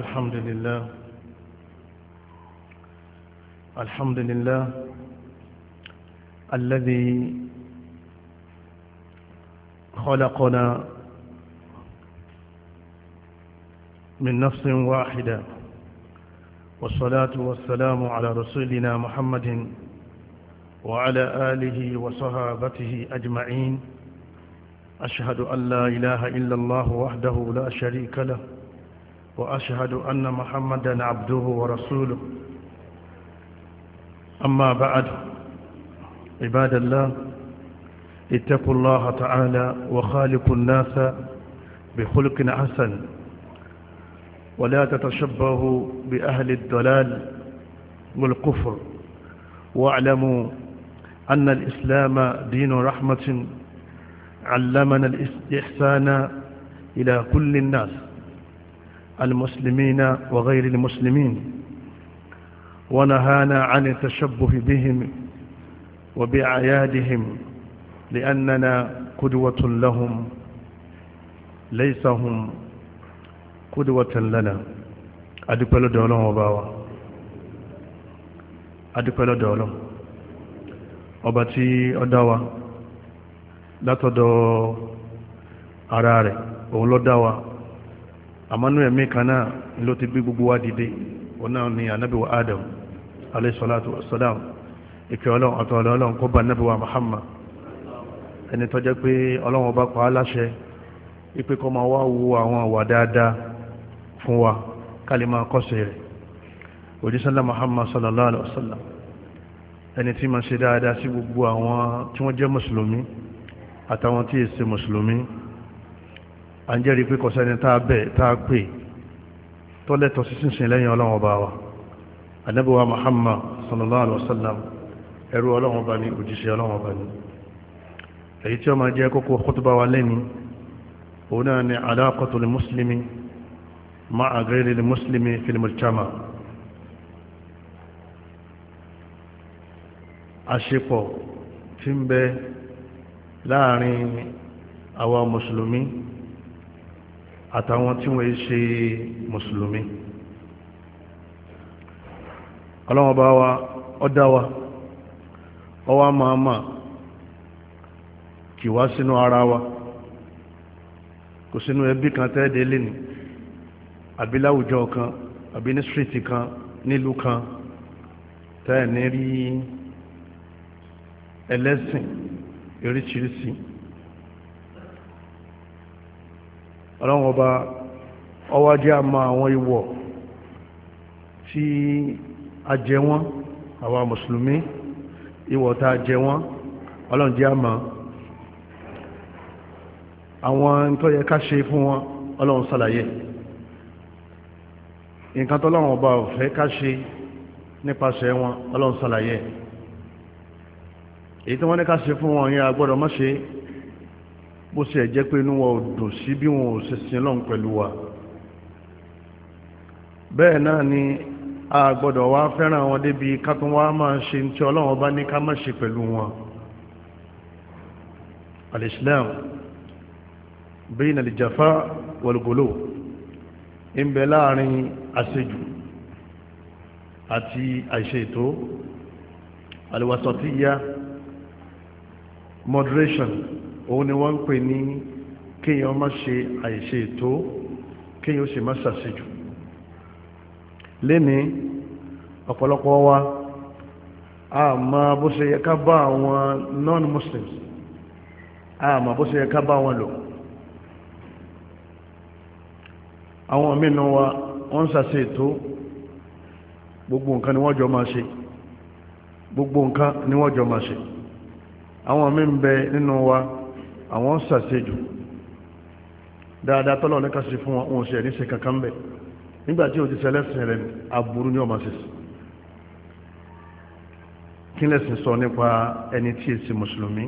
الحمد لله الحمد لله الذي خلقنا من نفس واحدة والصلاة والسلام على رسولنا محمد وعلى آله وصحابته أجمعين أشهد أن لا إله إلا الله وحده لا شريك له وأشهد أن محمدا عبده ورسوله أما بعد عباد الله اتقوا الله تعالى وخالق الناس بخلق حسن ولا تتشبهوا بأهل الضلال والكفر واعلموا أن الإسلام دين رحمة علمنا الإحسان إلى كل الناس المسلمين وغير المسلمين ونهانا عن التشبه بهم وبعيادهم لأننا قدوة لهم ليس هم قدوة لنا أدقل دولهم وباوا أدقل دولهم وباتي أدوا لا تدو أراري ولو دوا Amanu ẹ̀mí kan náà ló ti bí gbogbo wa dìde òun ni ànábì wa Adam alayhi salatu wassalam ìkẹ́ ọlọ́run àti ọlọ́run kó bá ànábì wa Muhammad ẹni tó jẹ́ pé ọlọ́run bá pa á ipe kọ́ máa wá wo àwọn àwà dáadáa fún wa ká lè máa kọ́sẹ̀ rẹ̀ Muhammad sallallahu alaihi wasallam ẹni tí máa ṣe dáadáa sí gbogbo àwọn tí wọ́n jẹ́ mùsùlùmí àtàwọn tí èsè mùsùlùmí à ń jẹ́rìí pé kọ̀sẹ́ni tá a bẹ̀ tá a pè tọ́lẹ̀tọ̀ sísìnsìn lẹ́yìn ọlọ́run ọba wa ànábì wa Muhammad sallallahu alaihi wasallam ẹrú ọlọ́run ọba ni òjíṣẹ́ ọlọ́run ọba ni láàrin àwa mùsùlùmí àtàwọn tí wọ́n ṣe mùsùlùmí ọlọ́wọ́n bá wa ọdá wa ọwá máa máa kì wá sínú ara wa kò sínú ẹbí kan tẹ́ẹ̀dẹ̀ lẹ́nu àbí láwùjọ kan àbí ní stíríìtì kan nílùú kan tẹ́ẹ̀ ní rí ẹlẹ́sìn oríṣiríṣi ọlọ́run ọba ọwá jẹ́ àwọn ìwọ̀ tí a jẹ wọ́n àwa mùsùlùmí ìwọ̀ tá a jẹ wọ́n ọlọ́run jẹ́ àmà àwọn tó yẹ ká ṣe fún wọn ọlọ́run ṣàlàyé nǹkan tó lọ́run ọba ò fẹ́ ká ṣe nípasẹ̀ wọn ọlọ́run ṣàlàyé èyí tí wọ́n ní ká ṣe fún wọn yẹn a gbọ́dọ̀ má ṣe é bó ṣe jẹ́ pé inú wọn ò dùn sí bí wọn ò ṣe sin lọ́n pẹ̀lú wa bẹ́ẹ̀ náà ni a gbọ́dọ̀ wá fẹ́ràn wọn débi kátún wá máa ṣe tí ọlọ́run bá ní ká má ṣe pẹ̀lú wọn al-Islam bayna al ń bẹ láàrin àṣejù àti àìṣètò al-wasatiyya moderation òun ni wọ́n ń pè ní kíyàn má ṣe àìṣe ètò kíyàn sì má ṣàṣejù ọ̀pọ̀lọpọ̀ wa a bó ṣe yẹ ká bá àwọn non-muslims a bó ṣe yẹ ká bá wọn lò àwọn mínú wa wọ́n ń ṣàṣe ètò gbogbo nǹkan ni wọ́n gbogbo nǹkan ni wọ́n jọ máa ṣe àwọn wa àwọn sàṣejù dáadáa tọ́lọ̀ ní kásì fún wọn òun sí ẹ̀ ní ṣe kankan bẹ̀ nígbàtí o ti sẹlẹ́sìn rẹ̀ aburú ní ọmọ sísì kí lẹ́sìn sọ nípa ẹni tí èsì mùsùlùmí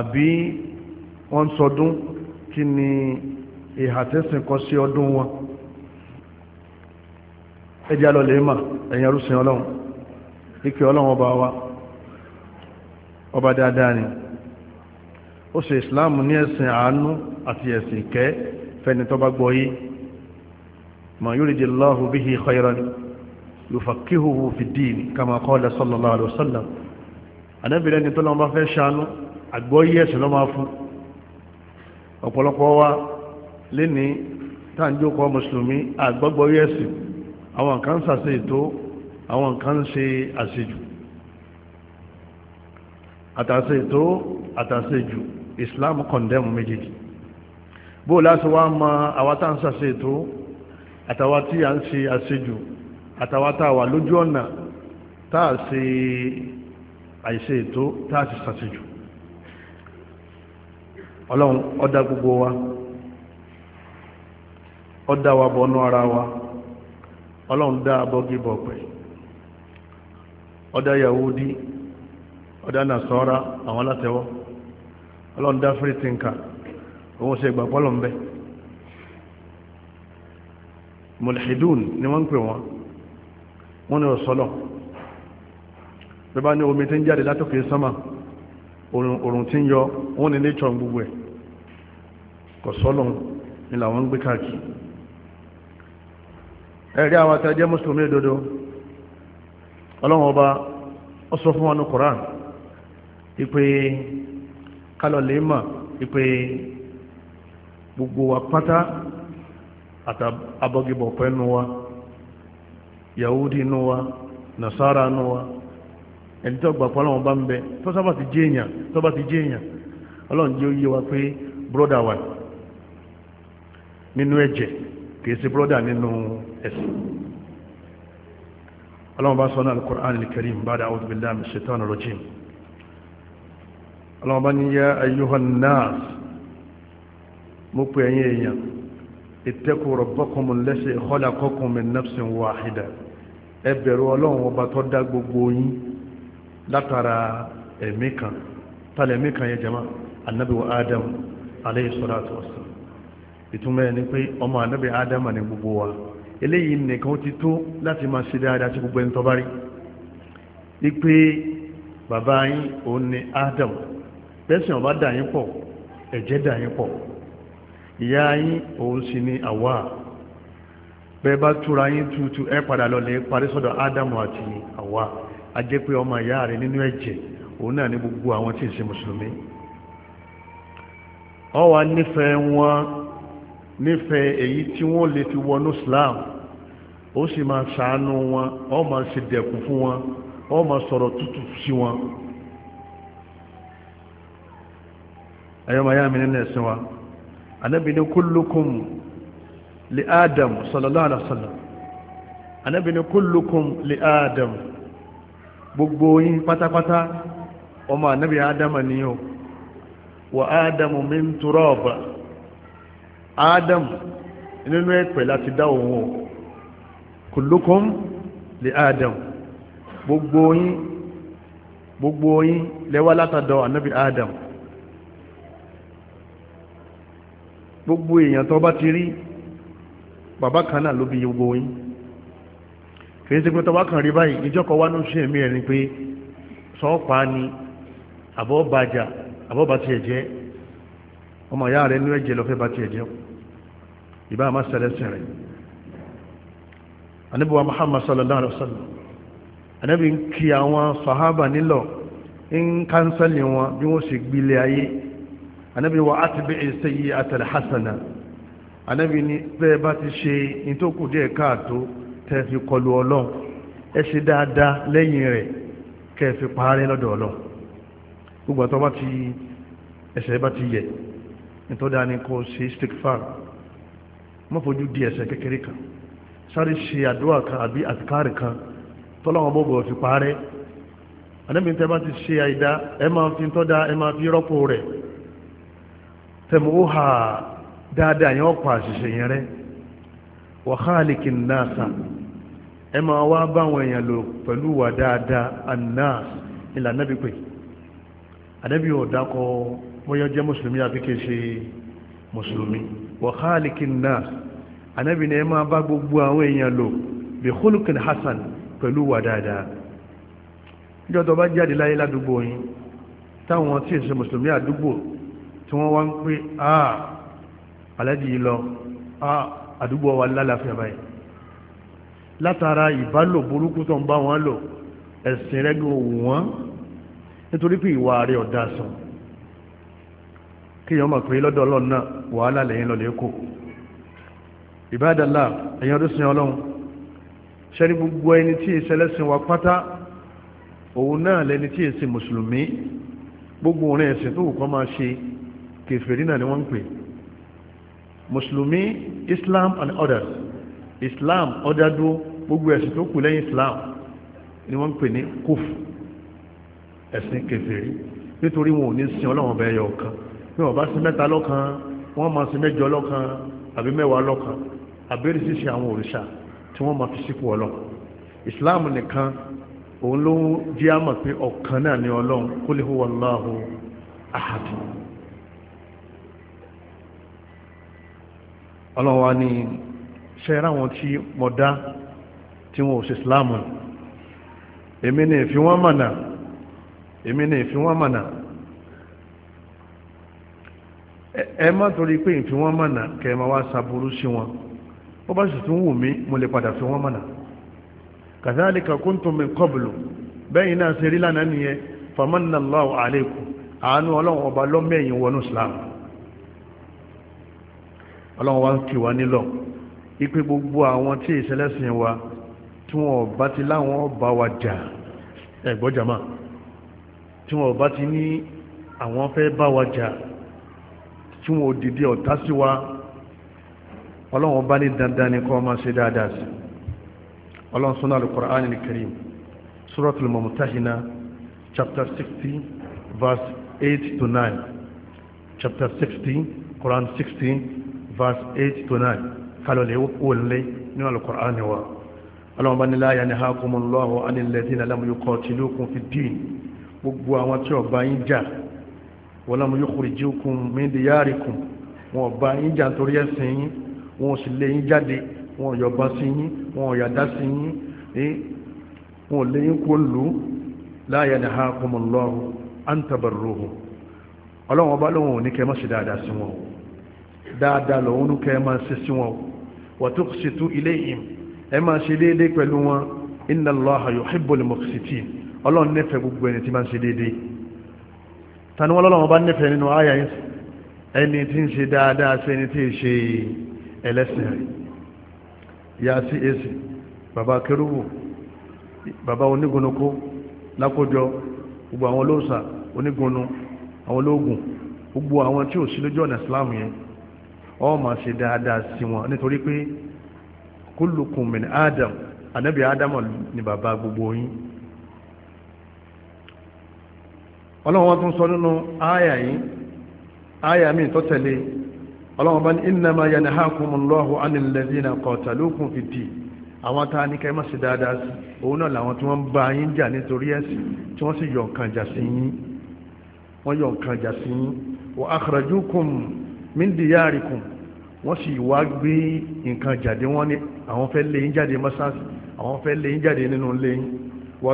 àbí wọ́n ń sọdún kí ni ìhà tẹ́sìn kọ́ sí ọdún wọn ẹjẹ́ alọ́lẹ̀ mà ẹ̀yìn arúsìn ọlọ́run ike ọlọ́run ọba wa ọba dáadáa ni ó ṣe islam ní ẹ̀sìn àánú àti ẹ̀sìn kẹ́ fẹ́ni tó bá gbọ́yé ma yuridillahu bihi khayran yufaqihuhu fi ddin kama qala sallallahu alaihi wasallam anábìrẹ́ ni tó lọ́n bá fẹ́ ṣàánú àgbọ́yé ẹ̀sìn ló máa fún ọ̀pọ̀lọpọ̀ wa lẹ́ni táǹjókọ́ mùsùlùmí àgbọ́gbọ́yé ẹ̀sìn àwọn kan islam condemn méjèèjì bó láti wá ma àwátá ń sàṣe ètò àtàwà tí a ń ṣe àṣejù àtàwà tá a wà lójú ọ̀nà tá a ṣe àìṣe ètò tá a ṣe sàṣejù ọlọ́run ọdá gbogbo wa ọdá wa bọnú ara wa ọlọ́run dá abọ́gí bọ̀pẹ̀ ọdá yahudi ọdá nasara àwọn alátẹwọ́ ọlọ́run dá free thinker òun ṣe ìgbà ń bẹ́ mulhidun ni wọ́n ń pè wọ́n wọ́n ni ọ̀sọ́lọ̀ bí bá ní omi tí ń jáde látòkè sánmà òrùn tí ń yọ wọ́n ni nature gbogbo ẹ̀ kò sọ́lọ̀ ni làwọn ń gbé káàkiri ẹ̀rí àwọn àtàjẹ́ mùsùlùmí dodo ọlọ́run ọba ó sọ fún wọn ní Koran ipe kálọ̀ lè mọ̀ wípé gbogbo wa pátá àti abọ́gibọ̀ pẹ́nu wa yahudi nu wa nasara nu wa ẹni tó gbà pọ́ ọlọ́run bá ń bẹ tó sábà ti jẹ́ èèyàn tó bá ti jẹ́ èèyàn ọlọ́run jẹ́ oyé wa pé broda wa nínú ẹ̀jẹ̀ kìí ṣe broda nínú ẹ̀sìn ọlọ́run bá sọ náà al-Qur'an al-Karim ba'da a'udhu billahi minash shaitani rajim ọlọ́wọ́n bá ní yá ayyuhan nas mo pè ẹ̀yin èèyàn ittaqu rabbakum allazi khalaqakum min nafsin wahida ẹ bẹ̀rù ọlọ́run ọba tó dá gbogbo yín látara ẹ̀mí kan tàlẹ̀ ẹ̀mí kan yẹ jama annabi wa adam alayhi salatu wassalam ìtumọ̀ ni gbogbo bẹ́sìn ọba dà yín pọ̀ ẹ̀jẹ̀ dà yín pọ̀ ìyá yín òun sì ni àwa bẹ́ẹ̀ bá túra yín tuutu ẹ padà lọ lè parí sọ́dọ̀ ádámù àti àwa a jẹ́ pé ọmọ ìyá rẹ̀ nínú ẹ̀jẹ̀ òun náà ní gbogbo àwọn tí ì ṣe mùsùlùmí ọ nífẹ̀ẹ́ wọn nífẹ̀ẹ́ èyí tí wọ́n lè fi wọnú Islam ó sì máa ṣàánú wọn ọ máa ṣe fún wọn ọ máa sọ̀rọ̀ tútù sí wọn ayọ́mọ̀ ayá mi nínú ẹ̀sìn wa anábì ní kullukum li adam sallallahu alaihi wasallam anábì ní kullukum li adam gbogbo yín pátápátá ọmọ anábì adama ni yóò wa adamu min turaba adam nínú ẹ̀pẹ̀ láti dá òun o kullukum li adam gbogbo yín gbogbo adam gbogbo èèyàn tó bá ti rí bàbá kan náà ló bí gbogbo yín kìí pé tó bá rí báyìí ìjọkọ̀ wá ló ṣe mí ẹ̀rin pé sọ́ọ̀pá ni àbọ̀bàjà àbọ̀bà tiẹ̀ ọmọ ìyá rẹ̀ ẹ̀jẹ̀ lọ́fẹ́ bá ìbá àmà sẹlẹ̀sẹ̀ rẹ̀ anábíwá Muhammad sallallahu alaihi anábí ń kí àwọn sàhábà anábi wa atibi ìsẹ́yí àtàlẹ́hásánà anábi ní bẹ́ẹ̀ bá ti ṣe ìtókù díẹ̀ káàtó tẹ́ẹ̀fi kọlu ọlọ́run ẹ ṣe dáadáa lẹ́yìn rẹ̀ kẹ́ẹ̀fi parẹ́ lọ́dọ̀ ọlọ́run gbogbo àtọ́ bá ti ẹsẹ̀ bá ti yẹ nítorí ní kò ṣe stikfar má fojú di ẹsẹ̀ kékeré kan sáré ṣe àdúrà kan àbí àtikárì kan tọ́lọ́wọ́n bó bọ̀ fi parẹ́ anábi tẹ́ bá ti ṣe àìdá ẹ máa fi tọ́da ẹ máa fi rọ́pò rẹ̀ tẹ̀mú ha dáadáa yẹn ọ̀pọ̀ àṣìṣe yẹn rẹ wàhálìkì náàsà ẹ máa wá báwọn èèyàn lò pẹ̀lú wà dáadáa anáàs ìlànà bí pé ànábì ọ̀dà kọ bóyá jẹ́ mùsùlùmí àbí kìí ṣe mùsùlùmí wàhálìkì náàs ànábì ni ẹ máa bá gbogbo àwọn èèyàn lò bí khulukin hasan pẹ̀lú wà dáadáa níjọ́ tó bá jáde láyé ládùúgbò yín táwọn tí ì ṣe mùsùlùmí àdúgbò tí wọ́n wá ń pé àà alẹ́dìí lọ àà àdúgbò wa lálàáfíà báyìí látara ìbálò burúkú tó ń bá wọn lò ẹ̀sìn rẹ̀ gan òwò wọn nítorí pé ìwà rẹ̀ ọ̀dà sàn kíyàn mọ̀ pé lọ́dọ̀ ọlọ́run náà wàhálà lẹ́yìn lọ lẹ́kọ̀ọ́ ìbádàlá ẹ̀yìn ọdún sin ọlọ́run ṣẹ́ni gbogbo ẹni tí ìṣẹlẹ́sìn wa pátá òun náà lẹni tí èsì mùsùlùmí gbogbo orin ẹ̀sìn tó kọ́ máa ṣe kèfèrí náà ni wọ́n ń pè mùsùlùmí islam and others islam ọ̀dádúró gbogbo ẹ̀sìn tó kù lẹ́yìn islam ni wọ́n ń pè ní kúf ẹ̀sìn kèfèrí nítorí wọn ò ní sin ọlọ́wọ́n bẹ́ẹ̀ yọ ọ̀kan bí wọ́n bá sin mẹ́ta lọ́kan wọ́n máa sin mẹ́jọ lọ́kan àbí mẹ́wàá lọ́kan àbẹ́rẹ́ ṣíṣe àwọn òrìṣà tí wọ́n máa fi sípò ọlọ́run islam nìkan òun ló jẹ́ àmọ̀ pé ọ̀kan náà ni ọlọ́run kul huwallahu ahad ọlọ́run wa ní ṣe ráwọn tí mọ̀ dá tí wọn ò sí islam èmi ní ìfi wọn mọ̀nà èmi ní ìfi wọn mọ̀nà ẹ má torí pé ìfi wọn mọ̀nà kẹ́ ẹ máa wá ṣàbùrú sí wọn ó bá sì tún wù mí mo lè padà fi wọn mọ̀nà kazalika kuntum min qablu bẹ́yìn náà ṣe rí lánàá nìyẹn famanallahu alaykum àánú ọlọ́run ọba lọ́mẹ́yìn wọnú islam ọlọ́run wa ń kì wá nílọ̀ ipe gbogbo àwọn tí ìṣẹlẹ́sìn wa tí wọn bá ti láwọn bá wa jà ẹ̀gbọ́jàmá tí wọn bá ti ní àwọn fẹ́ bá wa jà tí wọn ò dìde ọ̀tá sí wa ọlọ́run bá ní dandan ni kọ́ máa ṣe dáadáa sí ọlọ́run sọ́nà al-Qur'an al-Karim suratul Mumtahina chapter sixty verse eight to nine, chapter 60 Quran 60 verse 8 to 9 kalọ̀lẹ̀ wọlé ní al-Qur'an ni wa ọlọ́mọba ní la yanhakumullahu anil ladhina lam yuqatilukum fid din gbogbo àwọn tí ọba yín jà wa lam yukhrijukum min diyarikum wọn ọba yín jà torí ẹ̀sìn yín wọn sì lé yín jáde wọn yọba sí yín wọn yàdá sí yín wọn lé yín kó lù la yanhakumullahu an tabarruhum ọlọ́mọba lóhun ò ní kẹ́ mọ́ sí dáadáa sí wọn dáadáa lòun kẹ́ ẹ máa ṣe sí wọn wa tuqsitu ilayhim ẹ máa ṣe déédéé pẹ̀lú wọn inna Allaha yuhibbul muqsitin ọlọ́run nífẹ̀ẹ́ gbogbo ẹni tí máa ń ṣe déédéé tani wọn lọ́lọ́run bá nífẹ̀ẹ́ nínú àyà yín ẹni tí ń ṣe dáadáa sí ẹni tí ń ṣe ẹlẹ́sìn rẹ̀ yá sí èsì bàbá kérúwò bàbá onígunukú lákójọ gbogbo àwọn olóòsà onígunu àwọn olóògùn gbogbo àwọn tí ò sí lójú ọ̀nà Islam yẹn ọ máa ṣe dáadáa sí wọn nítorí pé kullukum min adam anabi adam ni bàbá gbogbo yín ọlọ́wọ́n tún sọ nínú àyà yìí àyà mi tó tẹ̀lé ọlọ́wọ́n bá ní innama yanhakumullahu anil ladhina qatalukum fid-din àwọn tá a ní kẹ́ má ṣe dáadáa sí òun náà làwọn tí wọ́n ń bá yín jà nítorí ẹ̀sìn tí wọ́n sì yọ̀ sí yín wọ́n yọ̀ sí yín wa akhrajukum min diyarikum wọ́n sì wá gbé nǹkan jáde wọ́n ní àwọn fẹ́ lé yín jáde mọ́sáàsì àwọn fẹ́ lé jáde nínú lé yín wa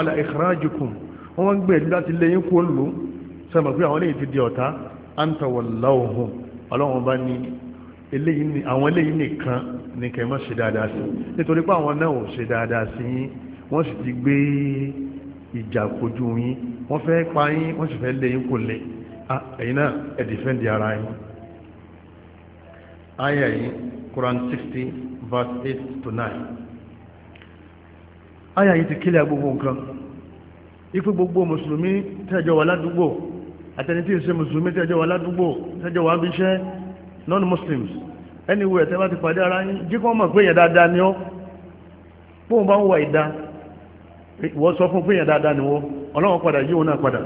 ala ikhrajikum wọ́n wá ń gbẹ̀lú láti lé yín kó lù sẹ́mọ̀ pé àwọn eléyìí ti di ọ̀tá an tawallawhum ọlọ́run bá ní àwọn eléyìí nìkan ní kẹ́ má ṣe dáadáa sí nítorí pé àwọn náà ò ṣe dáadáa sí yín wọ́n sì ti gbé ìjà kojú yín wọ́n fẹ́ pa yín wọ́n sì fẹ́ lé yín lè ah, ẹ̀yin náà ẹ̀ aya yìí Quran 60 verse 8 to 9 aya ti kílẹ̀ gbogbo nǹkan ipò gbogbo mùsùlùmí tẹ́jọ wà ládùúgbò àtẹni tí ń ṣe mùsùlùmí tẹ́jọ wà ládùúgbò wà bí iṣẹ́ non-muslims anywhere tẹ́ bá ara yín jíkọ́ mọ̀ pé yẹn dáadáa ni ó pọ́n bá ń wà ìdá wọ́n sọ fún pé yẹn dáadáa ni wọ́n padà náà padà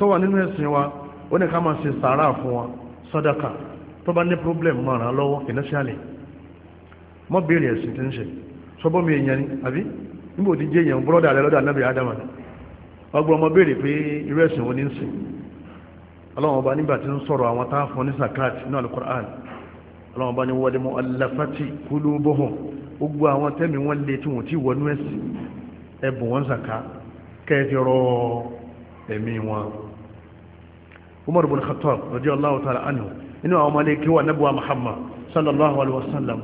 wọ́n mi ń o ní ká máa ṣe sàárà fún wa sadaka tó bá ní problem máa lọ́wọ́ financially béèrè ẹ̀sìn tí ń ṣe sọ́bọ́ mi ni àbí níbo ti jẹ́ èèyàn rẹ ni ọgbọ́n ọmọ béèrè pé irú ẹ̀sìn wo ni ń sìn ọlọ́wọ́n ọba nígbà tí ń sọ̀rọ̀ àwọn tá a fún ní zakat alukur'an ọba ní wọlé mọ́ alafati kulubuhum gbogbo àwọn tẹ́mi wọn lé tí wọ́n ti wọnú ẹ̀sìn ẹ̀bùn wọn kẹ́ẹ̀dì umar bin khattab radiyallahu ta'ala anhu inú àwọn ọmọlé kí wà nẹ́bùwà muhammad sallallahu alaihi wasallam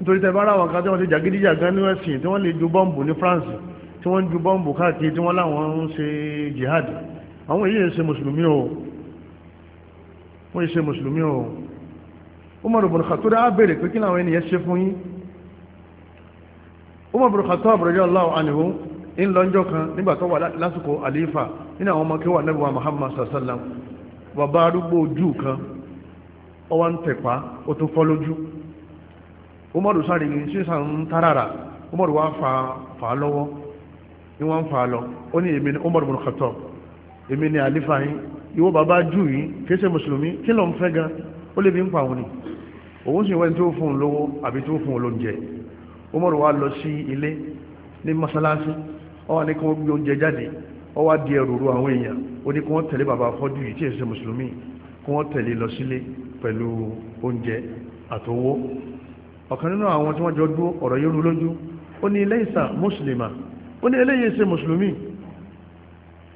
nítorí tẹ́ bára wọn kájọ́ wọn ti jàgídíjà gan ní ẹ̀sìn tí wọ́n lè ju bọ́ǹbù ní france tí wọ́n ju bọ́ǹbù káàkiri tí wọ́n láwọn ń ṣe jihad àwọn èyí ń ṣe mùsùlùmí o wọ́n ṣe mùsùlùmí o umar bin khattab á bèrè pé kí làwọn ènìyàn ṣe fún yín umar bin khattab radiyallahu anhu ń lọ́jọ́ kan nígbà tó wà lásìkò àlífà nínú àwọn ọmọ kí wà muhammad sallallahu alaihi wasallam bàbá arúgbó ojú kan ọwá ń tẹ̀pá ó tún fọ́ lójú umaru sáré ní sísan tarara umaru wá fa á lọ́wọ́ ni wọ́n ń fà á lọ ó ní èmi ni umaru bin Khattab èmi ni àlífà yín ìwọ bàbá jù yín kìí ṣe mùsùlùmí kí ló ń fẹ́ gan ó lè bí ń pa òun ni òun sì wẹ́n tó fún un lówó àbí tó fún un lóúnjẹ umaru wá lọ sí ilé ní masalasi ó wá ní kí wọ́n gbé oúnjẹ jáde ó wá di ẹrù ru àwọn èèyàn ó ní kí wọ́n tẹ̀lé bàbá afọ́jú yìí tí èsì mùsùlùmí kí wọ́n tẹ̀lé lọ sílé pẹ̀lú oúnjẹ àtowó ọ̀kan nínú àwọn tí wọ́n jọ dúró ọ̀rọ̀ yóò rú lójú ó ní laysa mùsùlùmá ó ní eléyìí ṣe mùsùlùmí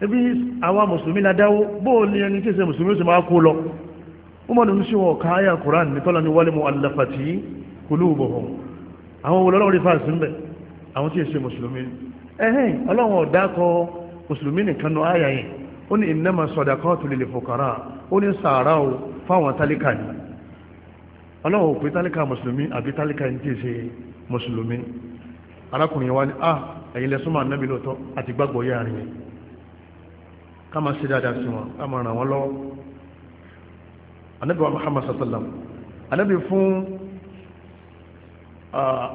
ebi àwa mùsùlùmí la dáwó bóò ẹni tí ṣe mùsùlùmí ó máa kó lọ ó mọ̀ nínú sí wọn ọ̀ka àyà Qur'an ní tọ́lá ní wal mu'allafati qulubuhum àwọn olólọ́wọ́ rí fáàsì ń bẹ̀ àwọn tí ṣe mùsùlùmí ẹ̀hìn ọlọ́run ọ̀dá kọ́ mùsùlùmí nìkan nù áyà yẹn ó ní innama sadaqatu lil fuqara ó ní sàárà o fáwọn tálíkà ni ọlọ́wọ́ pé tálíkà mùsùlùmí àbí tálíkà ń tèsè mùsùlùmí arákùnrin wa ni ah ẹ̀yin lẹ súnmọ́ ànábì lóòótọ́ àti gbàgbọ́ yá rìn yẹn ká máa ṣe dáadáa sí wọn ká máa ràn wọ́n lọ́wọ́ ànábì wa Muhammad sallam ànábì fún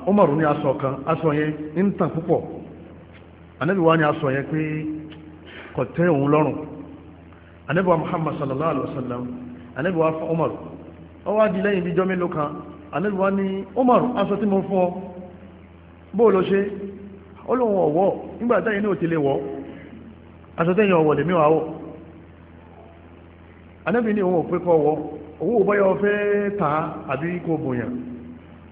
Umaru ní aṣọ kan aṣọ yẹn ń tàn púpọ̀ ànábì wa ní aṣọ yẹn pé kò tẹ́ òun lọ́rùn ànábì muhammad sallallahu alaihi wasallam ànábì wa fún umar ó wá di lẹ́yìn bíjọ́ mélòó kan ànábì wa ní umar aṣọ tí mo fún ọ bóò ló ṣe ó lóun ọ̀wọ́ nígbà táyé ní òtílé wọ́ aṣọ tẹ́yìn ọ̀wọ̀ lèmi wà wọ̀ ànábì ní òun ò pé kọ́ wọ́ báyọ̀ fẹ́ ta àbí kò bòyàn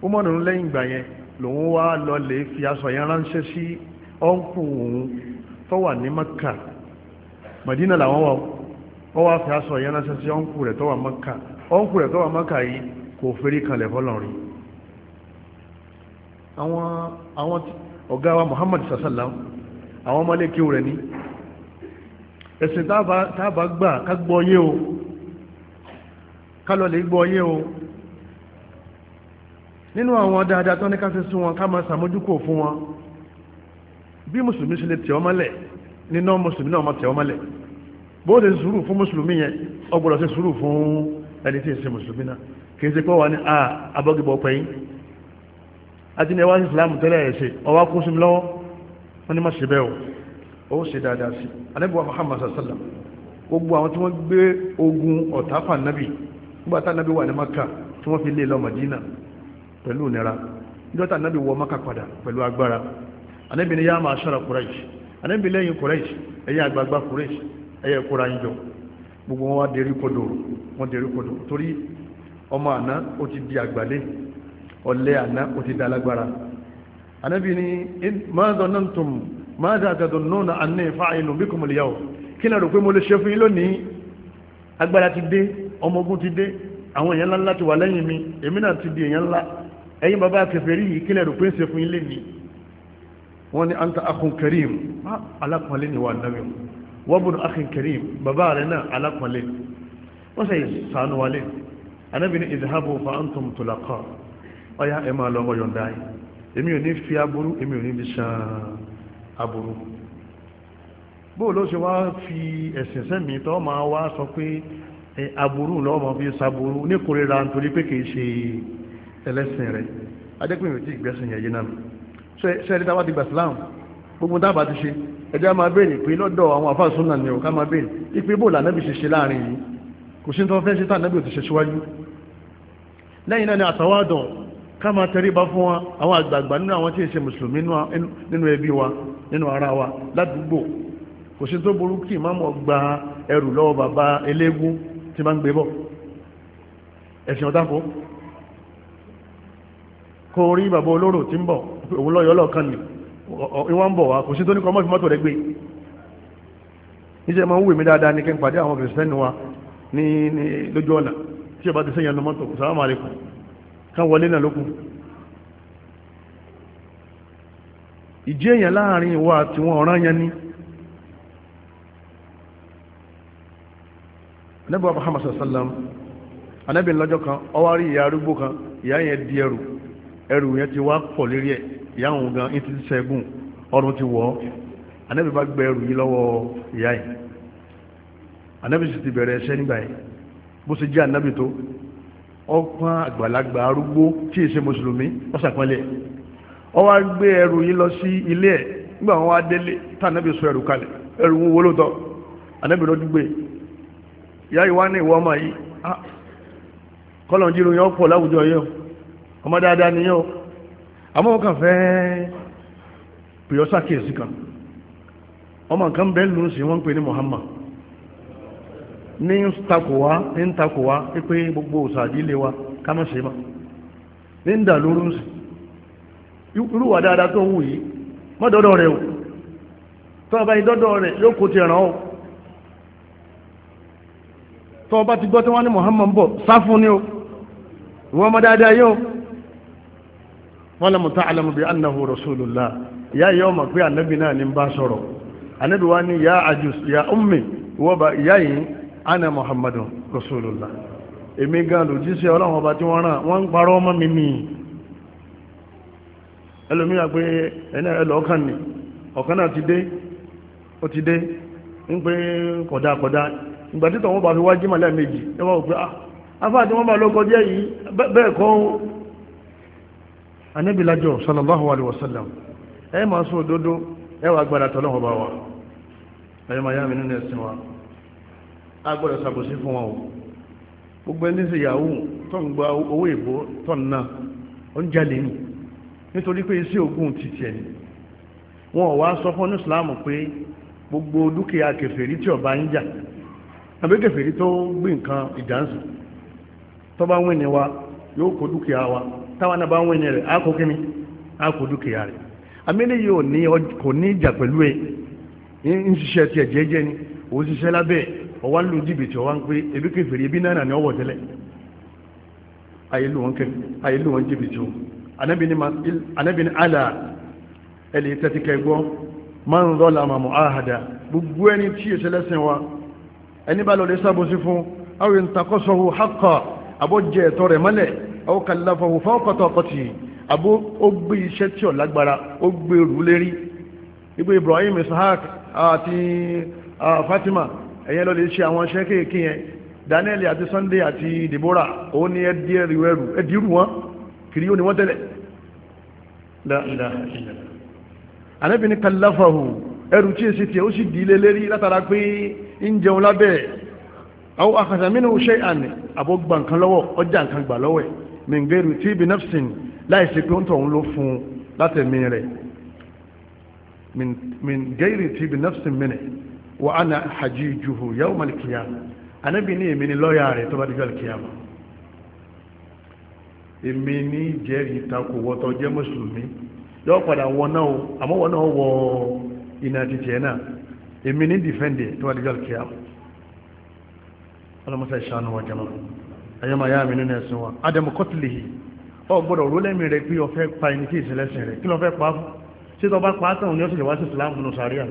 umar lẹ́yìn ìgbà yẹn lòun wá lọ lè fi aṣọ yẹn ránṣẹ́ sí ọ́nkù òun tó ní makka Madina làwọn wà ó wá fi aṣọ ìyẹn ránṣẹ́ sí ọ̀nkù rẹ̀ tọ́wà Maka ọ̀nkù rẹ̀ tọ́wà Maka yìí kò fẹ́rí kalẹ̀ fọ́lọ́rin àwọn àwọn ọ̀gá wa Muhammad sasala, àwọn ọmọlékí rẹ̀ ní ẹ̀sìn tábà gbà kágbọ́yé o kálọ̀lẹ̀ gbọ́yé o nínú àwọn dáadáa tó ní ká ṣe sí wọn ká máa ṣàmójúkò fún wọn bí mùsùlùmí ṣe lè tẹ̀ ọmọlẹ̀ nínú mùsùlùmí náà mọ̀tẹ̀ ọmọlẹ̀ bó ṣe sùúrù fún mùsùlùmí yẹn ó gbọ́dọ̀ ṣe sùúrù fún ẹni tí ń ṣe mùsùlùmí náà kì í ṣe pọ́ wà ní ah, abọ́gibọ̀ pẹ̀yìn àti ní ẹwà ìsìlámù tẹ́lẹ̀ ẹ̀ ṣe ọwá kó sí lọ́wọ́ wọ́n ní má ṣe bẹ́ẹ̀ o ó ṣe dáadáa sí anábíwá Muhammad sallam gbogbo àwọn tí wọ́n gbé ogun ọ̀tá fà ni yá máa ṣọ́ra Quraish ànábì lẹ́yìn kùrẹ́ṣì ẹ̀yà àgbààgbà kùrẹ́ṣì ẹ̀yà ìkóra yín jọ gbogbo wọn wá derí kodò wọn derí kodò torí ọmọ àná ó ti di àgbàlẹ́ ọ̀lẹ àná ó ti da lágbára ànábì ni mọ́dọ̀ náà tún mọ́dọ̀ àtàdọ̀ náà àná ìfà ìlú bí kò mọ̀ lè yà ó kí náà rò pé mo lè ṣe fún yín lónìí agbára ti dé ọmọ ogun ti dé àwọn èèyàn ńlá ńlá ti wà lẹ́yìn mi èmi náà ti di èèyàn ńlá ẹ̀yin bàbá kèfèrí yìí kí rò pé ń ṣe fún yín lénìí wọ́n ní anta akun karim alákùnlé ni wà náwí wọ́n bùn akun karim bàbá rẹ̀ náà alákùnlé wọ́n sẹ́yìn sànú wálé anábì ní ìdáhàbò fa antum tulaqa ọya ẹ̀ máa lọ́mọ yọ̀ǹda yìí èmi ò ní fi aburú èmi ò ní fi san aburú bó ló ṣe wá fi ẹ̀sìn sẹ́mi tó máa wá sọ pé aburú lọ́wọ́ máa fi saburú ní kórìíra nítorí pé kì í ṣe ẹlẹ́sìn rẹ̀ adẹ́pẹ́ ò tí ì gbẹ́sìn yẹn yé náà sẹ́ẹ̀rí tábà ti gbà síláàmù gbogbo tábà ti ṣe ẹjọ́ máa bèèrè pé lọ́dọ̀ àwọn àfáà súnà ni ọ̀ká máa bèèrè ipé bò lànàbì ṣe ṣe láàrin yìí kò sí tó fẹ́ sí tànàbì òtìṣẹ́ síwájú lẹ́yìn náà ni àtàwádọ̀ ká máa tẹríba fún wa àwọn àgbààgbà nínú àwọn tí ì ṣe mùsùlùmí nínú ẹbí wa nínú ara wa ládùúgbò kò sí tó burú kí ìmáàmù gba ẹrù lọ́wọ́ bàbá eléégún tí máa ń gbé bọ̀ ẹ̀sìn ọ̀tàkó kò rí bàbá olóró tí ń bọ̀ òun lọ́yọ́ lọ́ọ̀kan ni ìwọ́n ń bọ̀ wá kò sí tó ní kọ́ mọ́fí mọ́tò rẹ̀ gbé níṣẹ́ máa ń wù mí dáadáa ní kí n pàdé àwọn kìrìsìtẹ́nì wa ní lójú ọ̀nà tí ìbá ti sẹ́yìn ẹnu mọ́tò sàlámù àlékùm kan wọlé náà lókun ìjẹ́ èèyàn láàrin ìwọ àti wọn ọ̀ràn yẹn ni anábì wa Muhammad sallam anábì lọ́jọ́ kan ọwárí ìyá arúgbó kan ìyá yẹn di ẹrù ẹrù yẹn ti wá pọ̀ lérí ẹ̀ ìyá òun gan ní ti sẹ́gun ọdún ti wọ̀ ọ́ ànábì bá gbé ẹrù yìí lọ́wọ́ ti bẹ̀rẹ̀ ẹsẹ̀ nígbà yìí bó ṣe jẹ́ ànábì tó ọpọ́n àgbàlagbà arúgbó tí ì ṣe mùsùlùmí ọ̀sàpọ̀lẹ̀ ọ wá gbé ẹrù yìí lọ sí ilé ẹ̀ nígbà wọn wá délé tá sọ ẹrù kalẹ̀ ẹrù wọn wọlé ìyá yìí wá ní ọmọ yìí ah, kọ́lọ̀ jírun ọmọ dáadáa ni yóò àmọ́ wọn fẹ́ pìọ́sà kìí kan ọmọ nǹkan bẹ́ẹ̀ lù ú sí wọ́n ń pè ní Muhammad ní ń gbogbo òsàdí lé wa ká má ṣe ní ń dà lóru ń sì irú wà dáadáa o tọ́ ọba rẹ̀ yóò kó ti ràn ọ́ tọ́ ọba ti gbọ́ tí wọ́n ní Muhammad bọ̀ sáfún o wọ́n lọ́mọ tá àlẹ́mú annahu rasulullah ya ìyá ọmọ pé annabi náà ní bá sọ̀rọ̀ ànábì wá ní ya ajus ya ummi bá ana muhammadu rasulullah èmi gan lòjíṣẹ́ ọlọ́run ọba tí wọ́n rán wọ́n ń parọ́ mi mi ẹlòmíyà pé ni ọ̀kan náà ti dé ó ti dé ń pé kọ̀dá kọ̀dá ìgbà títọ̀ bá fi wá jímọ̀ lẹ́ẹ̀mejì ẹ pé ah afáàtí bá yìí bẹ́ẹ̀ anabi lajọ sallallahu alaihi wasallam ẹ ma sọ òdodo ẹ wà gbára tọ́lọ́wọ́ wa ẹ máa yá mi nínú wa fún wa o gbogbo yahoo tó gba owó ìbò tó na ná ń jalè nítorí pé ogun ti ni wọn sọ fún islam pé gbogbo dúkìá kẹfẹ́rí tí ọba ń jà àbí kẹfẹ́rí tó gbé nǹkan ìdánsì tó wa yóò kó dúkìá wa táwọn náà bá ń wẹ̀yìn rẹ̀ á kó kíni á kó dúkìá rẹ̀ amílẹ̀ yìí kò ní ìjà pẹ̀lú ẹ̀ ń ṣiṣẹ́ tiẹ̀ jẹ́jẹ́ ni òun ṣiṣẹ́ lábẹ́ ọwá ń lu jìbìtì ọwá ń pé ebi kẹfìrí ebi náà ní ọwọ́ tẹ́lẹ̀ ayé lù wọn jìbìtì o anabi ala ẹni tẹ́tíkẹ́ gbọ́ máa ń rọ́lá màmú àhàdà gbogbo ẹni tí yẹ sẹlẹ́sìn wa ẹni bá lọ lè sábòsí fún àwọn ìtakọ́sọ̀hù hakọ̀ abọ́jẹ́ ẹ̀tọ́ rẹ̀ mọ́lẹ̀ ó kàlàfọ̀hù fọ́kọ̀tọ̀ ọkọ̀tì àbó ó gbé iṣẹ́ tí ó lágbára ó gbé rú lérí ipò Ibrahim Ishaq àti Fatima ẹ̀yẹn lọ lè ṣe àwọn iṣẹ́ kéèké yẹn Daniel àti Sunday àti Deborah òun ni ẹdí ẹrù ẹrù ẹdí rù wọn kiri ó ni wọ́n tẹ́lẹ̀ Ànábì ní kàlàfọ̀hù ẹrù tí èsì tiẹ̀ ó sì dì í lé lérí látara pé ń jẹun lábẹ́ àwọn akàtàmínú ṣe àná àbó gbà nǹkan lọ́wọ́ ọjà nǹkan gbà lọ́wọ́ ẹ̀ mìngẹ́rù tí ibi nafsin láì ṣe pé ó ń tọ̀hún ló fún un látẹ̀mí rẹ̀ mìngẹ́rù tí ibi nafsin mìnẹ̀ wà á na hajijuhu yawmal qiyamah anábì ní èmi ni lọ́ọ̀yà rẹ̀ tó bá dijọ́ alìkìyàmà èmi ní jẹ́rìí takò wọ́tọ̀ jẹ́ mùsùlùmí yọ padà wọ náà àmọ́ wọ náà wọ iná títí ẹ̀ náà èmi ní dìfẹ́ǹdì tó bá dijọ́ alìkìyàmà ọlọ́mọsá ìṣàánú wa jẹ́ ẹ̀yẹ́ máa yá mi nínú ẹ̀sìn wa adamu kọ́tìlìhì ọ gbọ́dọ̀ ró lẹ́mí rẹ pé ọfẹ́ pa ẹni tí ìsìnlẹ̀sìn rẹ kí lọ fẹ́ pa fún ṣé tọ́ bá pa á tàn ní ọ̀sẹ̀ ìwáṣẹ̀ ìsìlámù nù sàríà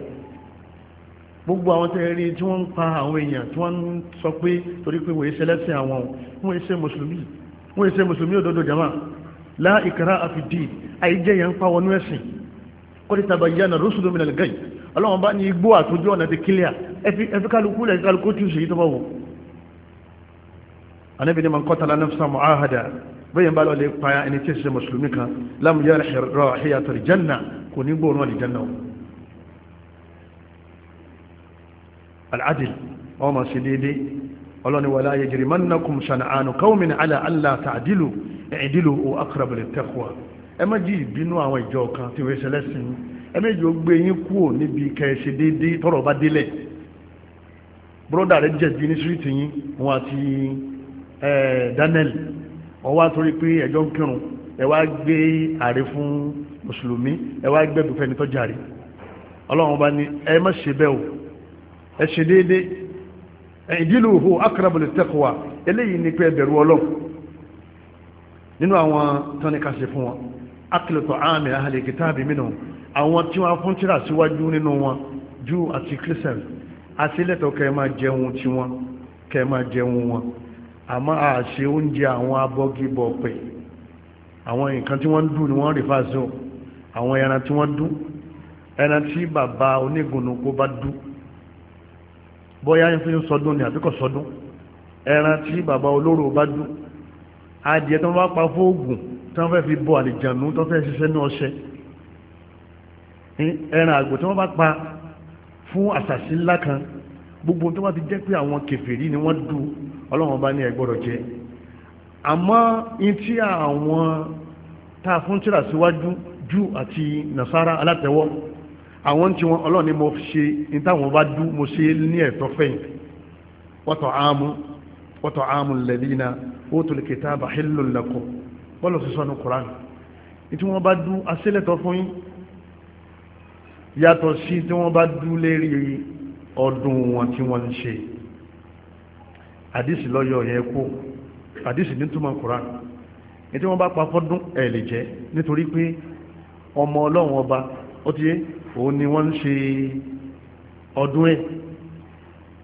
gbogbo àwọn tẹ́ rí tí wọ́n ń pa àwọn èèyàn tí wọ́n ń sọ pé torí pé wòye sẹlẹ́sìn àwọn wọ́n ṣe mùsùlùmí òdodo jama la ìkàrà àfìdí àìjẹ́ yẹn ń pa wọnú ẹ̀sìn kọ́ ti tàbí yánà rúṣùlù mi nàlẹ́ gẹ̀yìn ọlọ́wọ́n bá ní igbó àtúnjú ọ̀nà ti kílíà ẹ̀fí kálukú lẹ̀ kálukú tí ó ṣe yí tó bá wò anabi ni man qatala nafsan mu'ahada bẹ́ẹ̀ bá lọ lè pa ẹni tí ṣe mùsùlùmí kan lam yarih rahiyata aljanna kò ní gbóòrùn aljanna o al'adil ọmọ sí dédé ọlọ́ni wala yajrimannakum shana'anu qawmin ala alla ta'dilu i'dilu o aqrabu littaqwa ẹ má jí ìbínú àwọn ìjọ kan tí wọ́n ṣe lẹ́sìn ẹ méjì ó gbé yín kúò níbi kẹsẹ̀ dédé tọ́rọ̀ bá délẹ̀ bróda rẹ̀ jẹ̀bi ní síríìtì yín wọn àti Daniel ọwá torí pé ẹjọ́ ń kírun ẹ wá gbé ààrẹ fún mùsùlùmí ẹ wá gbé ẹ̀bùn fẹ́ni tó jàre ọlọ́run bá ní ẹ má ṣe bẹ́ẹ̀ o ẹ ṣe déédéé ìdílù hù aqrabu lit-taqwa eléyìí ni pé ẹbẹ̀rù ọlọ́run nínú àwọn tọ́nìkàṣe fún wọn aklu ta'ami ahli kitabi minhum àwọn tí wọ́n fún tíra síwájú nínú wọn Júù àti Christian àti lẹ́tọ̀ọ́ kẹ́ẹ̀ máa jẹun tiwọn kẹ́ẹ̀ máa jẹun wọn àmọ́ àṣe oúnjẹ àwọn abọ́gibọ̀ pẹ̀ àwọn nǹkan tí wọ́n ń dùn ni wọ́n rí fáṣọ àwọn ẹran tí wọ́n dùn ẹran tí bàbá onígunnuko bá dùn bóyá fi ń sọdún ni àbíkọ̀ sọdún ẹran tí bàbá olóró bá dùn adìẹ tó ń bá pa fóògùn tó ń fẹ́ fi bọ àlìjànú tó ń fẹ́ ṣiṣẹ́ ní ọṣẹ ẹran àgbò tó ń bá pa fún àṣàṣì ńlá kan gbogbo tó bá ti jẹ́ pé àwọn kèfèrí ni wọ́n dùn ọlọ́run bá ní ẹgbọ́dọ̀ jẹ́ àmọ́ in tí àwọn tá fún tíra síwájú jù àti nasara alátẹ̀wọ́ àwọn tí wọn ọlọ́run ni mo ṣe in táwọn bá dú mo ṣe ní ẹ̀tọ́ fẹ́yìn wọ́tọ̀ àmú wọ́tọ̀ àmú lẹ́lẹ́lẹ́na ó tó lè kẹta bá hílò lẹ́kọ̀ọ́ bọ́lọ̀ sí sọ́nù kùránì tí wọ́n bá dú asílẹ̀tọ̀ fún yín yàtọ̀ sí tí wọ́n bá dú lérí ọdún wọn tí wọ́n ń ṣe àdìsí lọ́yọ̀ yẹn kú àdìsí ní túmọ̀ kúrán ní tí wọ́n bá pa fọ́dún ẹ̀ lè jẹ́ nítorí pé ọmọ ọlọ́run ọba ó ti yé òun ni wọ́n ń ṣe ọdún ẹ̀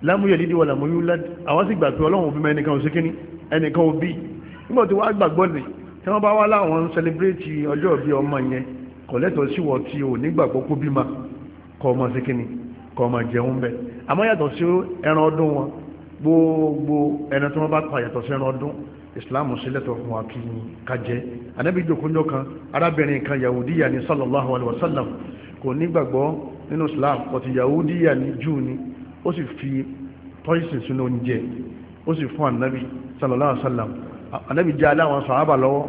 lámúyẹ̀ lídí wà lámúyú ládì àwọn sì gbà pé ọlọ́run òbí ẹnìkan ò sí kíní ẹnìkan òbí nígbà tí wọ́n á gbàgbọ́ ni tí wọ́n bá wá láwọn ń sẹlẹ̀bírẹ́tì ọjọ́ ìbí ọmọ yẹn kọ̀lẹ́tọ̀ sí wọ́n ti ò nígbàgbọ́ kó bímọ kọ́ ọmọ sí kíní kọ́ ọmọ jẹun bẹ́ẹ̀ àmọ́ yàtọ̀ sí ẹran ọdún wọn gbogbo ẹni tí wọ́n bá pa yàtọ̀ sẹ́nu ọdún islam sílẹ̀tọ̀ fún wa kí kájẹ́ anábì jòkúnjọ́ kan arábìnrin kan yahudiya ni sallallahu alaihi wasallam kò nígbàgbọ́ nínú islam ọ̀tí yahudiya ni jù ni ó sì fi tọ́ìsìn sínú oúnjẹ ó sì fún anábì sallallahu alaihi wasallam anábì jẹ́ aláwọn sàhábà lọ́wọ́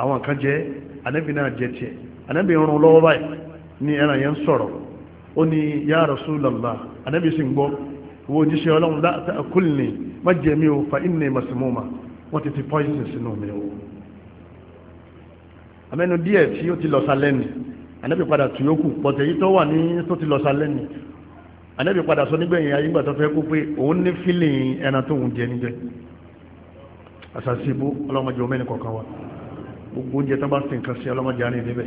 àwọn kan jẹ́ anábì náà jẹ́ tiẹ̀ anábì rún lọ́wọ́ báyìí ni ẹran yẹn sọ̀rọ̀ ó ní ya rasulallah anábì sì ń gbọ́ wo jíṣẹ́ ọlọ́run láta kúl ní májèmí o fa inú masimoma wọ́n ti fi poison sínú mi o amẹ́nu díẹ̀ tí ó ti lọ sálẹ́ni anábì padà tù yókù pọ̀tẹ̀ yìí tó wà ní tó ti lọ sálẹ́ni anábì padà sọ nígbẹ̀yìn ayé gbàtọ́ fẹ́ kú pé òun ní fílìn ẹran tóun jẹ níjẹ àṣàṣìbú ọlọ́mọdé omi kọ̀ọ̀kan wa gbogbo oúnjẹ tó bá sì nǹkan sí ọlọ́mọdé àárín níbẹ̀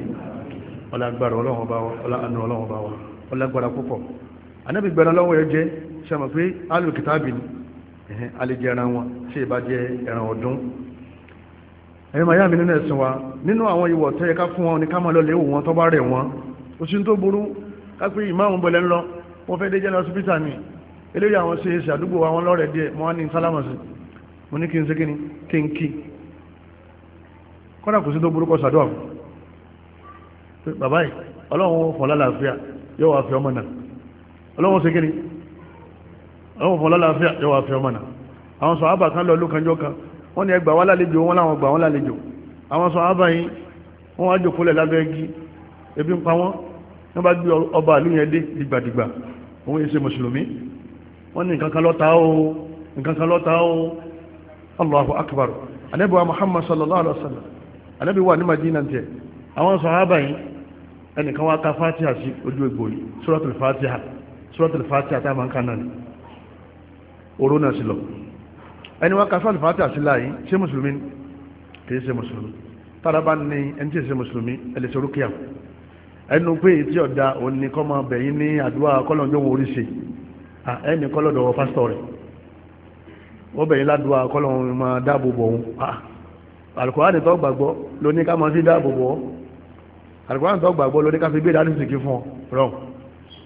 ọlá agbára ọlọ́run bá wa ọlá púpọ̀ anábì gbẹ̀rẹ̀ ọlọ́run ẹ jẹ́ ṣàmọ̀ pé alùkìtàbì ni alẹ́jẹ ẹran wọn ṣe ìbàjẹ́ ẹran ọdún ẹ̀yìn màá yà nínú ẹ̀sìn wa nínú àwọn ìwọ̀ tó yẹ ká fún wọn ní ká máa lọ léwu wọn tó bá rẹ̀ wọn oṣù tó burú ká pé ìmáàmù bọ̀lẹ̀ ńlọ wọ́n fẹ́ dé jẹ́ lọ́sibítà ni eléyìí àwọn ṣe ṣe àdúgbò àwọn lọ́rẹ̀ díẹ̀ mo wá ní sálámà sí mo ní kí n ṣe kíni kí n kí kọ́dà kò sí tó burúkọ sàdúrà bàbá yìí ọlọ́run fọ̀ọ́lá làáfíà yóò wá fi ọmọ náà ọlọ́run ṣe kíni àwọn fún lálàáfíà yóò wà fi ọmọ náà àwọn sọ àbà kan lọ lókanjọ́ kan wọ́n ní ẹgbà wá lálejò wọ́n láwọn gbà wọ́n lálejò àwọn sọ àbà yìí wọ́n wá jòkólẹ̀ lábẹ́ igi ebi ń pa wọ́n wọ́n bá gbé ọba àlúyẹn dé dìgbàdìgbà òun yìí ṣe mùsùlùmí wọ́n ní nǹkan kan lọ́ta o nǹkan kan lọ́ta o allahu akbar anabi muhammad sallallahu alaihi wa sallam anabi madina tiẹ̀ àwọn sọ àbà yìí ẹnìkan wá ka fatiha suratul fatiha suratul fatiha tá a máa oró náà sí lọ ẹni wọ́n ka sọ́ọ̀lù fàátì àsílá yìí ṣé mùsùlùmí kìí ṣe mùsùlùmí tára bá ní ẹni tí ì ṣe mùsùlùmí ẹlẹ́ ṣe orúkíà ẹnu pé tí ọ̀dà òní kọ́ máa bẹ̀yìn ní àdúrà kọ́lọ́njọ́ wo orí ṣe ẹni kọ́lọ́dọ̀ pásítọ̀ rẹ̀ wọ́n bẹ̀yìn ládùúrà kọ́lọ́run máa dáàbò bò òun àlùkòránì tó gbàgbọ́ ló ní ká máa fi dáàbò bò ọ́ àlùkòránì tó gbàgbọ́ ló ká fi gbé ìdánilẹ́sìn kí fún ọ rọrùn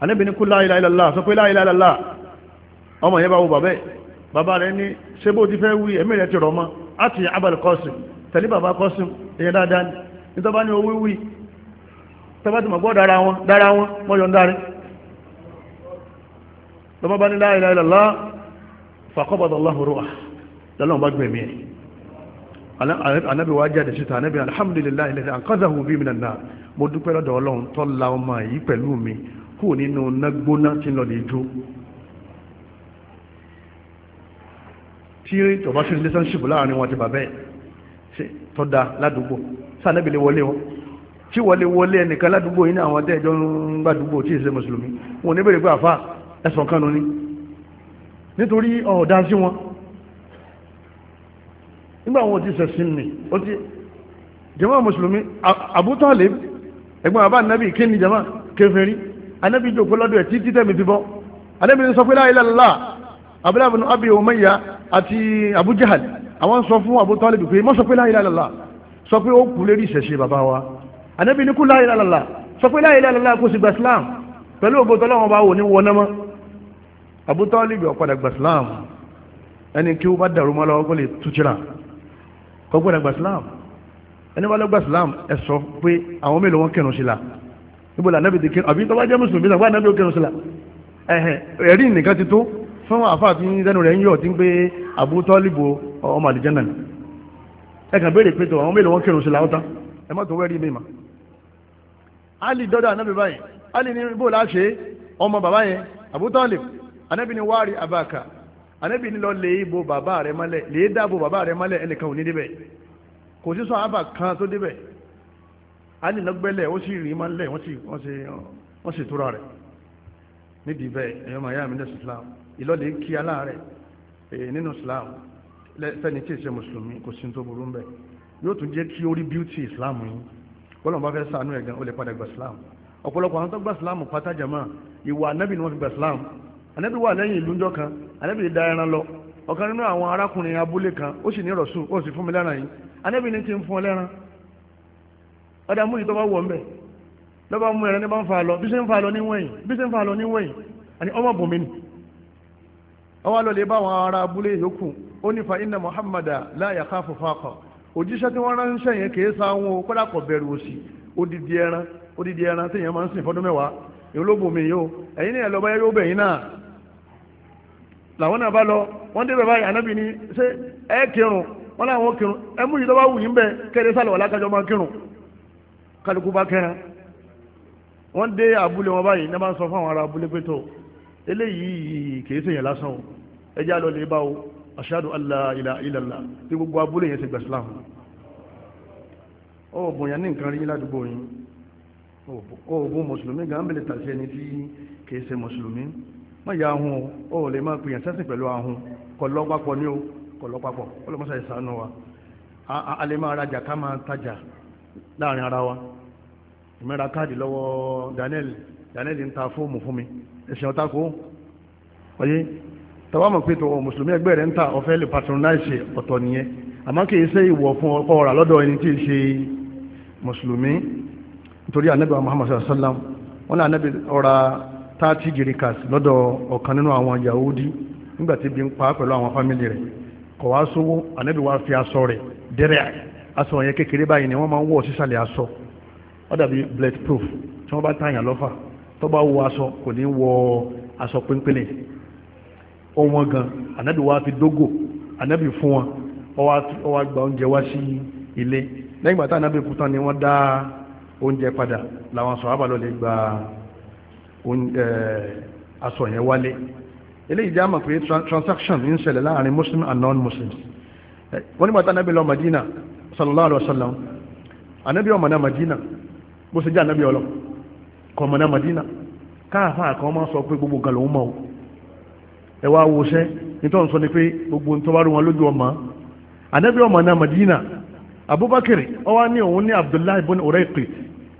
Ànábì ní kú la ilaha illallah sọ pé la ilaha illallah ọmọ yẹn bá wo bàbẹ́ bàbá rẹ̀ ní ṣe bó ti fẹ́ wí ẹ̀mí rẹ̀ ti rọ̀ mọ́ àti Abul Qasim tẹ̀lé bàbá Qasim èyẹ dáadáa ni nítorí ní owó wí tọ́bá ti mọ̀ gbọ́ dára wọn dára wọn mọ́yọ̀ ń darí lọ́bá bá ní la ilaha illallah faqabada Allahu ruha lọ́lọ́wọ́ ọlọ́run tọ́lá kúrò nínú nágbóná tí lọ lè jó tí tọba sí relationship láàrin wọn ti bàbẹ́ tọ́da ládùúgbò sànẹ́bì lè wọlé wọn tí wọlé wọlé ẹnìkan ládùúgbò yìí ní àwọn tẹ́ẹ̀jọ́ ń gbàdúgbò tí ìṣe mùsùlùmí wọn ní pé àfà ẹ̀sùn kanu ni nítorí ọ̀dá sí wọn nígbà wọn ti sẹ̀sìn ni ó ti jàmá mùsùlùmí Abu Talib ẹ̀gbọ́n àbá nàbì kí ni jàmá kèfèrí anabi jòkó lọ́dọ̀ ẹ̀ títí tẹ̀mí ti bọ́ anabi sọ pé láyé lálá abúlé bin abi umayya àti abu jahal àwọn sọ fún abu talib pé má sọ pé láyé lálá sọ pé ó kú lérí ìṣẹ̀ṣe bàbá wa anabi ní kú láyé ila sọ pé láyé lálá kó sì gba islam pẹ̀lú ògbótọ́ lọ́wọ́ bá wò ní wọná mọ́ abu talib ọ̀padà gba islam ẹni kí ó bá dàrú mọ́ lọ́wọ́ kó lè tútìrà kọ́gbọ́dà gba islam ẹni bá lọ gba islam ẹ̀ sọ pé àwọn mélòó wọn kẹrùn la níbo lànà bìí kí àbí tọ́wọ́ jẹ́ mùsùlùmí náà wà náà bí ó kẹrùn sílá ẹ̀hẹ̀ ẹ̀rí nìkan ti tó fún àfáà tí dẹnu rẹ̀ ń yọ̀ tí ń pé Abu Talibu ọmọ àlìjẹ́nà ni ẹ kàn béèrè pé tó àwọn mélòó wọn kẹrùn sílá ọ̀tá ẹ má tó wẹ́rí mi mà. Ali dọ́dọ̀ anábì báyìí Ali ní bó la ṣe ọmọ bàbá yẹn Abu Talib anábì ni wárí abaka anábì ni lọ lè bo bàbá rẹ̀ mọ́lẹ̀ lè dáàbò bàbá rẹ̀ mọ́lẹ̀ ẹnìkan ò ní débẹ̀ kò sí sọ àbà kan tó débẹ̀ ali lọ́gbẹ́lẹ̀ ó sì rí máa ń lẹ̀ wọ́n sì túra rẹ̀ nídìí bẹ́ẹ̀ ẹ̀yọ́ màá yá mi lẹ́sìn islam ìlọ́lẹ̀ kí aláàrẹ̀ eh, nínú islam fẹ́ni tí ì ṣe mùsùlùmí kò sí tó burú bẹ́ẹ̀ yóò tún jẹ́ kí ó rí bíútì islam yìí bọ́lọ̀mù bá fẹ́ sànú ẹ̀gán ó lè padà gba islam ọ̀pọ̀lọpọ̀ àwọn tó gba islam pátájàmá ìwà anábì ni wọ́n fi gba islam anábì wà lẹ́yìn ìlú ńjọ́ kan anábì da ẹran lọ ọ̀kan nínú àwọn arákùnrin abúlé kan ó sì ní rọ̀sùn ó sì fún mi lẹ́ran yìí anábì ní ti ń fún ọ lẹ́ran ọ̀dà mú ìtọ́ bá wọ̀ mbẹ̀ lọ́ba mú ẹ̀rẹ́ ní ń fa lọ bí ṣe ń fa lọ ní bí ṣe ń fa lọ ní wẹ̀yìn ọmọ bùnmi ni ọwọ́ lọ lè bá àwọn ará abúlé yòókù ó nífa inna muhammada láyà káfù fáàkọ̀ òjíṣẹ́ tí wọ́n ránṣẹ́ yẹn kìí sa wọn kódà kò bẹ̀rù òsì odidi ẹran odidi ẹran tí máa ń sìn fọdún mẹ́wàá ló bùnmi o ni ẹ̀lọ́ba yóò bẹ̀yìn náà làwọn náà bá lọ wọ́n ànábì ni ṣé ẹ kálukú bá kẹran wọ́n dé abúlé wọn báyìí náà bá ń sọ fáwọn ará abúlé pé tó eléyìí kìí ṣèyàn lásán o ẹjẹ́ àlọ́ lè bá o ashadu alla ilaha illallah tí gbogbo abúlé yẹn ti gbà islam ó bòyàn ní nǹkan rí ládùúgbò yín ó bó mùsùlùmí gan bẹ̀lẹ̀ tàṣí ẹni tí kìí ṣe mùsùlùmí má yà ahun o ó lè máa pèyàn sẹ́sìn pẹ̀lú ahun kọ̀ lọ́pàpọ̀ ní o kọ̀ lọ́pàpọ̀ ó lè a lè máa rajà ká láàrin ara wa ìmẹ́ra káàdì lọ́wọ́ Daniel Daniel ń ta fóòmù fún mi ẹ̀sìn ọ̀tá kó ọyé tọwọ́ mọ̀ pé tọwọ́ mùsùlùmí ẹgbẹ́ rẹ̀ ń ta ọ̀fẹ́ lè patronize ọ̀tọ̀ nìyẹn àmọ́ kì í ṣe ìwọ̀ fún ọkọ ọ̀rà lọ́dọ̀ ẹni tí ì ṣe mùsùlùmí nítorí anabi Muhammad sallam wọn ní anabi ọ̀rà tààtì jìrìkàs lọ́dọ̀ ọ̀kan nínú àwọn Yahudi nígbà tí bí ń pa pẹ̀lú àwọn fámìlì rẹ̀ kọ̀ sówó anabi wá fi aṣọ rẹ̀ dẹ́rẹ́ aṣọ yẹn kékeré báyìí ni wọ́n máa ń wọ̀ sísàlẹ̀ aṣọ ó dàbí blood proof tí wọ́n bá tààyàn lọ́fà tó bá wọ aṣọ kò ní wọ aṣọ pínpínlẹ̀ ó wọ́n gan anábì wa fi dógò anábì fún wọn ó wá gba oúnjẹ wá sí ilé lẹ́yìn ìgbà tá anábì kú tán ni wọ́n dá oúnjẹ padà làwọn sàhábà lọ lè gba aṣọ yẹn wálé eléyìí jẹ́ àmọ̀ pé transaction ń ṣẹlẹ̀ láàrin muslim and non-muslims wọ́n nígbà tá anábì lọ Madina sallallahu alaihi wasallam anabi ọmọ madina bó ṣe jẹ́ anabi ọlọ kọ ọmọ madina káàfà àkàn ọmọ sọ pé gbogbo nǹkan lòun mọ̀ o ẹ wá wo ṣẹ́ nítorí sọ ni pe gbogbo nǹkan wá rú wọn lójú ọmọ anabi ọmọ madina abubakar ọwá ní òun ní abdullahi bin urayqi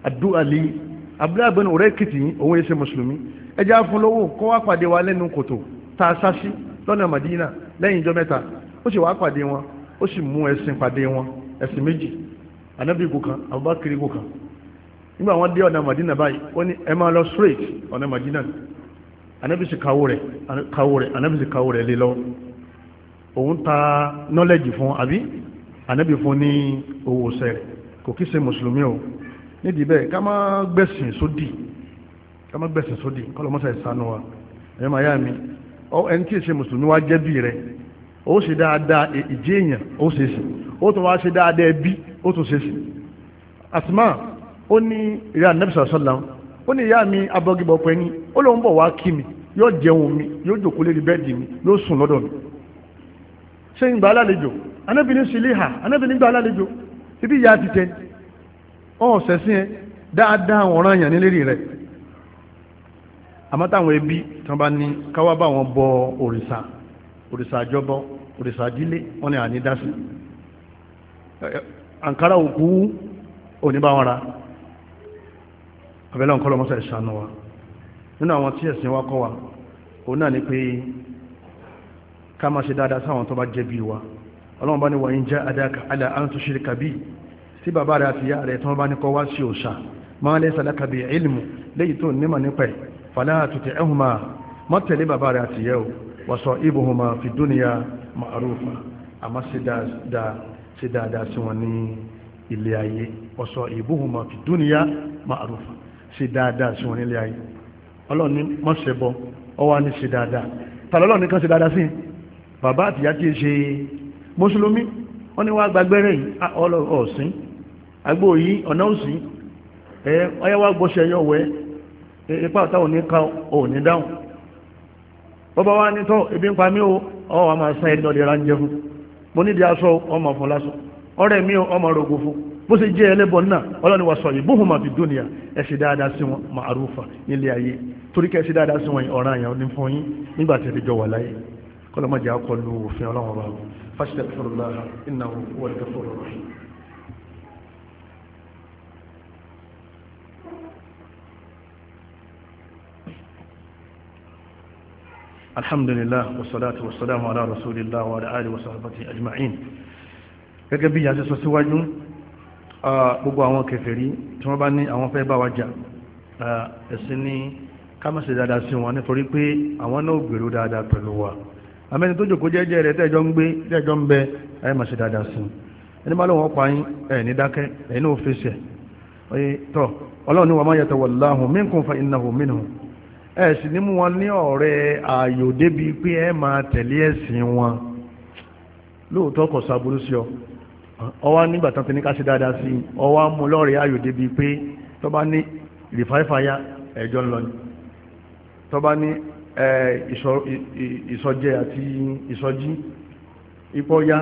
adúali abdullahi bin urayqi tí òun yẹ ṣe mùsùlùmí ẹjẹ́ afúnlówó kọ́ wá pàdé wa lẹ́nu kòtò tá a sásí lọ́nà madina lẹ́yìn ìjọ mẹ́ta ó sì wá pàdé wọn ó sì mú ẹsìn pàdé wọn ẹ̀sìn méjì anábì igun kan abubakar igun kan nígbà wọn dé ọ̀nà madina báyìí wọ́n ní ẹ máa lọ straight ọ̀nà madina anábì sì kawo rẹ̀ kawo rẹ̀ anábì sì kawo rẹ̀ lé lọ òun ta knowledge fún àbí anábì fún ní owó sẹ́ rẹ̀ kò kí ṣe mùsùlùmí o nídìí bẹ́ẹ̀ ká má gbẹ̀sìn sódì ká má gbẹ̀sìn sódì kọ́lọ́mọ́sà ìsanu wa ẹ̀yọ́ máa yá mi ẹni tí ì ṣe mùsùlùmí wá jẹ́ bí rẹ̀ ó ṣe dáadáa ìjéèyàn ó ṣe sìn ó tún wá ṣe dáadáa ẹbí ó tún ṣe sí Asma ó ní ìyá anabisa sallam ó ní ìyá mi abọ́gibọ̀ pẹ́ ní ó lóun bọ̀ wá kí mi yóò jẹun mi yóò jòkó lérí bẹ́ẹ̀dì mi yóò sùn lọ́dọ̀ mi ṣé ń gba alálejò anábìnrin sílíhà anábìnrin gba alálejò ibi ìyá ti tẹ ọ̀hún ṣẹ̀sìn ẹ dáadáa ọ̀ràn yàn nílérí rẹ̀ àmọ́ táwọn ẹbí tán bá ní káwá bá wọn bọ òrìṣà òrìṣà àjọbọ òrìṣà ìdílé wọn ni àní dá sí i àǹkárá òkú oníbáwọn ra ọ̀kọ́ lọ́mọ́sẹ̀ ìṣànà wa nínú àwọn tí ẹ̀sìn wa kọ́ wa òun náà ni pé ká máa ṣe dáadáa sáwọn tó bá jẹ́ bí wa ọlọ́run bá ní wọ̀nyí jẹ́ adáka alẹ́ àǹtò ṣíríkà bí tí bàbá rẹ̀ àti ìyá rẹ̀ bá ní kọ́ wá sí òṣà máa lẹ́ bí léyìí tó nímọ̀ bàbá rẹ̀ àti fi dúnìyà àmọ́ sí dáadáa ṣe si wọn ni ilé ayé ọ̀sọ̀ ìbúhùmọ̀ fi dúnìyà ma'rufa ṣe dáadáa sí wọn ní ilé ayé ọlọ́run ní mọ́ṣẹ́ bọ ọwọ́ n'i ọlọ́run nìkan bàbá àtìyá ṣe mùsùlùmí ah, ọ ni wá gbàgbẹ́rẹ́ yìí ọ̀sìn agbó yìí ọ̀nà òsìn ẹ ọyẹ e, ipa ebi ń pa mí o wa máa mo nídìí aṣọ ọmọ fún lásán ọ̀rẹ́ mi ọmọ rògbò fún bó ṣe jẹ́ ẹlẹ́bọ náà ọlọ́ni wa sọ yìí bóhùn máa fi dúnìyà ẹ ṣe dáadáa sí wọn màrúfà nílé ayé torí kẹ́ ẹ ṣe dáadáa sí wọn ọ̀ràn àyàn ní fún yín nígbà tí ẹ jọ wà láyé kọ́lọ́mọdé akọlù òfin ọlọ́run ọba fásitì ẹ̀fọ́rọ̀lá ìnáwó wọlé ẹ̀fọ́rọ̀lá alhamdulillah wasalatu wasalamu ala rasulillah wa ala alihi wa sahbihi ajma'in gẹ́gẹ́ bí yà sọ síwájú gbogbo àwọn kèfèrí tí wọ́n bá ní àwọn fẹ́ bá wa jà ẹ̀sìn ní kámẹ́sì dáadáa sí wọn nítorí pé àwọn náà gbèrò dáadáa pẹ̀lú wa àmẹ́ni tó jòkó jẹ́jẹ́ rẹ̀ tẹ́jọ́ ń gbé tẹ́jọ́ ń bẹ ẹ̀ máa ṣe dáadáa sí ẹni bá lọ́wọ́ pa ẹ̀ ní dákẹ́ ẹ̀ ní òfin ṣẹ̀ ọlọ́run ni wa man yatawallahum minkum fa innahu minhum ẹ sì ní mú wọn ní ma ààyò débi pé ẹ máa wọn lóòótọ́ kò sábúrú sí ọ ọwá nígbà tán ti ní ká ṣe dáadáa sí ọwá mú lọ́rẹ̀ ààyò débi pé tọba ní rìfáìfáyà ni tọba ní ìsọjẹ àti ìsọjí ipọ́yá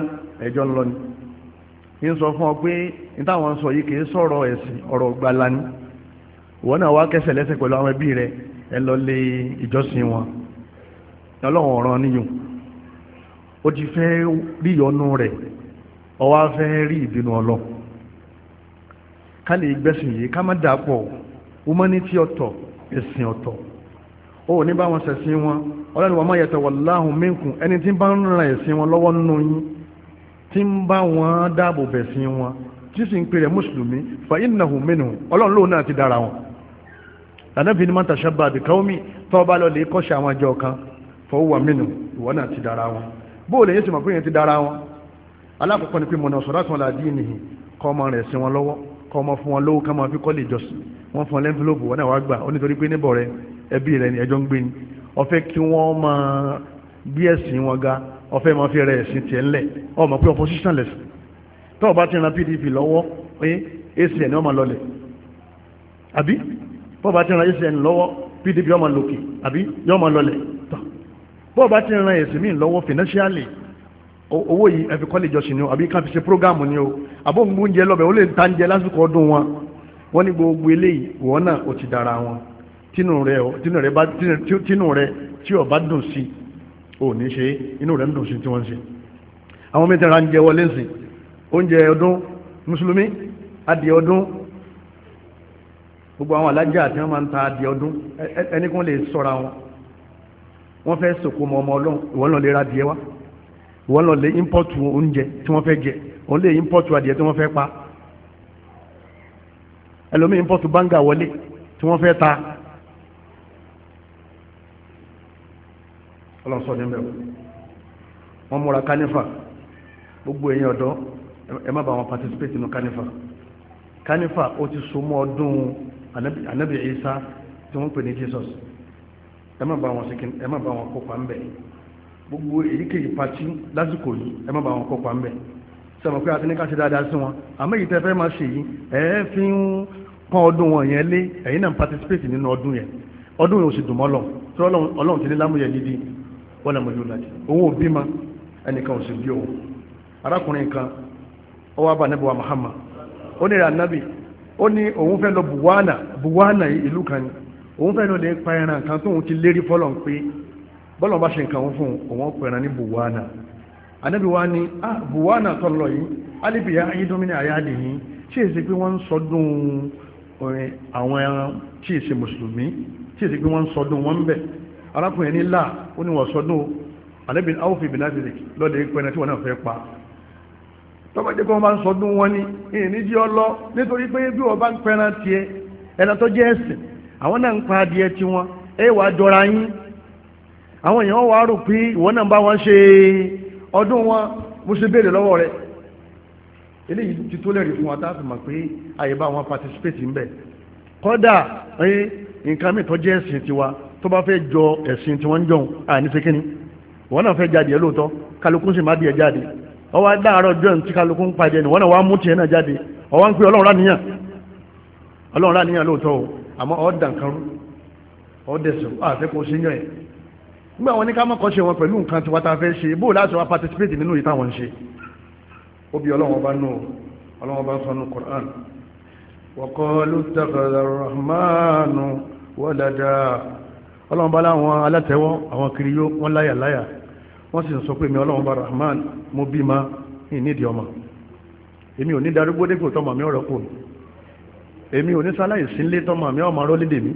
ni ń sọ fún ọ pé nítawọn sọ yìí kì í gbala ni náà wá ẹ lọ lé ìjọsìn wọn ọlọ́run ọ̀ràn níyùn ó ti fẹ́ rí ìyọnu rẹ̀ ó wá fẹ́ rí ìbínú ọlọ́run ká lè gbẹ́sìn yìí ká má dà pọ̀ humanity ọ̀tọ̀ ẹ̀sìn ọ̀tọ̀ ó ní bá wọn ṣẹ̀sìn wọn ọlọ́run wa ma yatawallahum minkum ẹni tí ń bá ń ran ẹ̀sìn wọn lọ́wọ́ nínú yín tí ń bá wọn dáàbò bẹ̀sìn wọn tí sì ń pè rẹ̀ mùsùlùmí fa innahu minhum ọlọ́run lóun náà ti dára wọn lànàbí ni mọ́ta ṣẹ́bà àbìkọ́mí tó bá lọ lè kọ́ṣẹ́ àwọn àjọ kan fọwọ́ mínú ìwọ náà ti dára wọn bóò lè yẹn sì mọ̀ pé yẹn ti dára wọn alákọ̀ọ́kọ́ ni pé mọ̀nà sọ̀rọ̀ kan láàdí nìyí kọ́ ọmọ rẹ̀ sí wọn lọ́wọ́ kọ́ ọmọ fún wọn lówó ká máa fi kọ́lé ìjọsìn wọ́n fún lẹ́ńfílọ́pù wọn náà wá gbà ó nítorí pé níbọ̀ rẹ ẹbí rẹ ni ẹjọ́ ń gbé ni ọ̀fẹ́ kí wọ́n máa gbé ẹ̀sìn wọn ga ọ̀fẹ́ máa fi rẹ ẹ̀sìn tiẹ̀ ńlẹ̀ ọmọ pé opposition lẹ̀sìn tọ́ọ̀ bá ti ran PDP lọ́wọ́ pé ACN ọmọ lọlẹ̀ àbí bọ́ọ̀bá ti ran ẹsẹ̀ lọ́wọ́ pdp yọ́mọ lòkè àbí yọ́mọ lọlẹ̀ tán bọ́ọ̀bá ti ran ẹsẹ̀ míì lọ́wọ́ financially owó yìí ẹ̀fí kọ́lé jọ́sìn ni o àbí ká fi ṣe prógámù ni o àbó ń gbóúnjẹ lọ́bẹ̀ ó lè ta ń jẹ lásìkò ọdún wọn wọ́n ní gbogbo eléyìí wọ́n náà ó ti dára wọn tínú rẹ̀ tí ọba dùn sí ò ní ṣe inú rẹ̀ ń dùn sí tí wọ́n ń ṣe àwọn mẹ́tẹ̀ẹ̀ra ń jẹ wọlé ń sìn oúnjẹ ọdún mùsùlùmí adìẹ ọdún gbogbo àwọn alájà àti wọ́n máa ń ta adì ọdún ẹnikún lè sọ́ra wọn wọ́n fẹ́ sòkó mọ ọmọ ọlọ́run ìwọ́n lọ lè ra adìẹ wá ìwọ́n lọ lè ímpọ́tù oúnjẹ tí wọ́n fẹ́ jẹ òun lè ímpọ́tù adìẹ tí wọ́n fẹ́ pa ẹlòmí ímpọ́tù báńgà wọlé tí wọ́n fẹ́ ta ọlọ́sọ ní mẹ́wọ́ wọ́n múra kánífà gbogbo èèyàn ọ̀dọ́ ẹ má bá wọn participate nínú kánífà kánífà ó ti so mọ́ ọdún anabi isa tí wọ́n pè ní jesus ẹ má bá wọn sikin ẹ má bá wọn kópa ń gbogbo èyíkéyìí pati lásìkò yìí ẹ má bá wọn kópa ń a ti dáadáa sí wọn àmọ́ èyí ṣe yìí ẹ fi ń ọdún wọn yẹn lé náà ń participate nínú ọdún yẹn ọdún yẹn ò sì dùn tí ọlọ́run ti ní lámúyẹ wọn bímọ ẹnìkan ò sì bí òun arákùnrin kan ọwọ́ ó ní òun fẹ́ lọ buwana buwana ìlú kan ni òun fẹ́ lọ lè pa ẹran kan tóun ti lérí fọ́lọ̀ pé bọ́lọ̀ bá ṣe nǹkan fún òun pẹ̀ràn ní buwana anábì wa ni ah buwana tó lọ yìí alibiya ayédọ́mínì ayáde yìí tí èsì pé wọ́n ń sọdún àwọn ẹran tí èsì mùsùlùmí tí èsì pé wọ́n ń sọdún wọn bẹ̀ arákùnrin ní là ó ní wọ́n sọdún alẹ́bìn áwòfin bìnásìlì lọ́dẹ̀ pẹ̀ràn tí wọ́n náà fẹ́ pa tọ́ba jẹ́ kí wọ́n bá wọn ní ọlọ nítorí pé bí wọ́n bá ń pẹran tiẹ̀ ẹ̀rọ tó jẹ́ ẹ̀sìn àwọn náà ń pa adìẹ ẹ wà á dọ́ra yín àwọn èèyàn wà á rò pé ìwọ náà ń bá wọn ṣe ọdún wọn mo ṣe béèrè lọ́wọ́ rẹ eléyìí ti tó lẹ́rìí fún wa tá a fi mọ̀ pé àyè bá wọn participate ń bẹ̀ kọ́dà nǹkan mi tó ọwá dáàrọ̀ jọ tí kálukú ń pàdé ẹni wọ́n náà wá mú tiẹ̀ náà jáde ọwá ń pè ọlọ́run ráníyàn ọlọ́run ráníyàn lóòótọ́ o àmọ́ ọ̀dàn kan rú ọ̀dẹ̀sùn àfẹ́kọ̀ọ́ sí yàn ẹ̀ nígbà wọn ní ká mọ́kọ́ ṣe wọn pẹ̀lú nǹkan tí wọ́n fẹ́ ṣe bóò láti wá participate nínú ìta wọn ṣe ó bí ọlọ́run bá nù ọlọ́run bá sọnù Qur'an waqalu ittakhadha ar-rahmanu walada ọlọ́run bá láwọn alátẹ̀wọ́ àwọn kiri yó wọn láyà wọ́n sì sọ pé mi ọlọ́run bá rahman mo bí ma ní nídìí ọmọ èmi ò ní darúgbó dépò tọmọ mi ọ̀rọ̀ kù èmi ò ní sáláì sílé tọmọ mi ọmọ lédè mi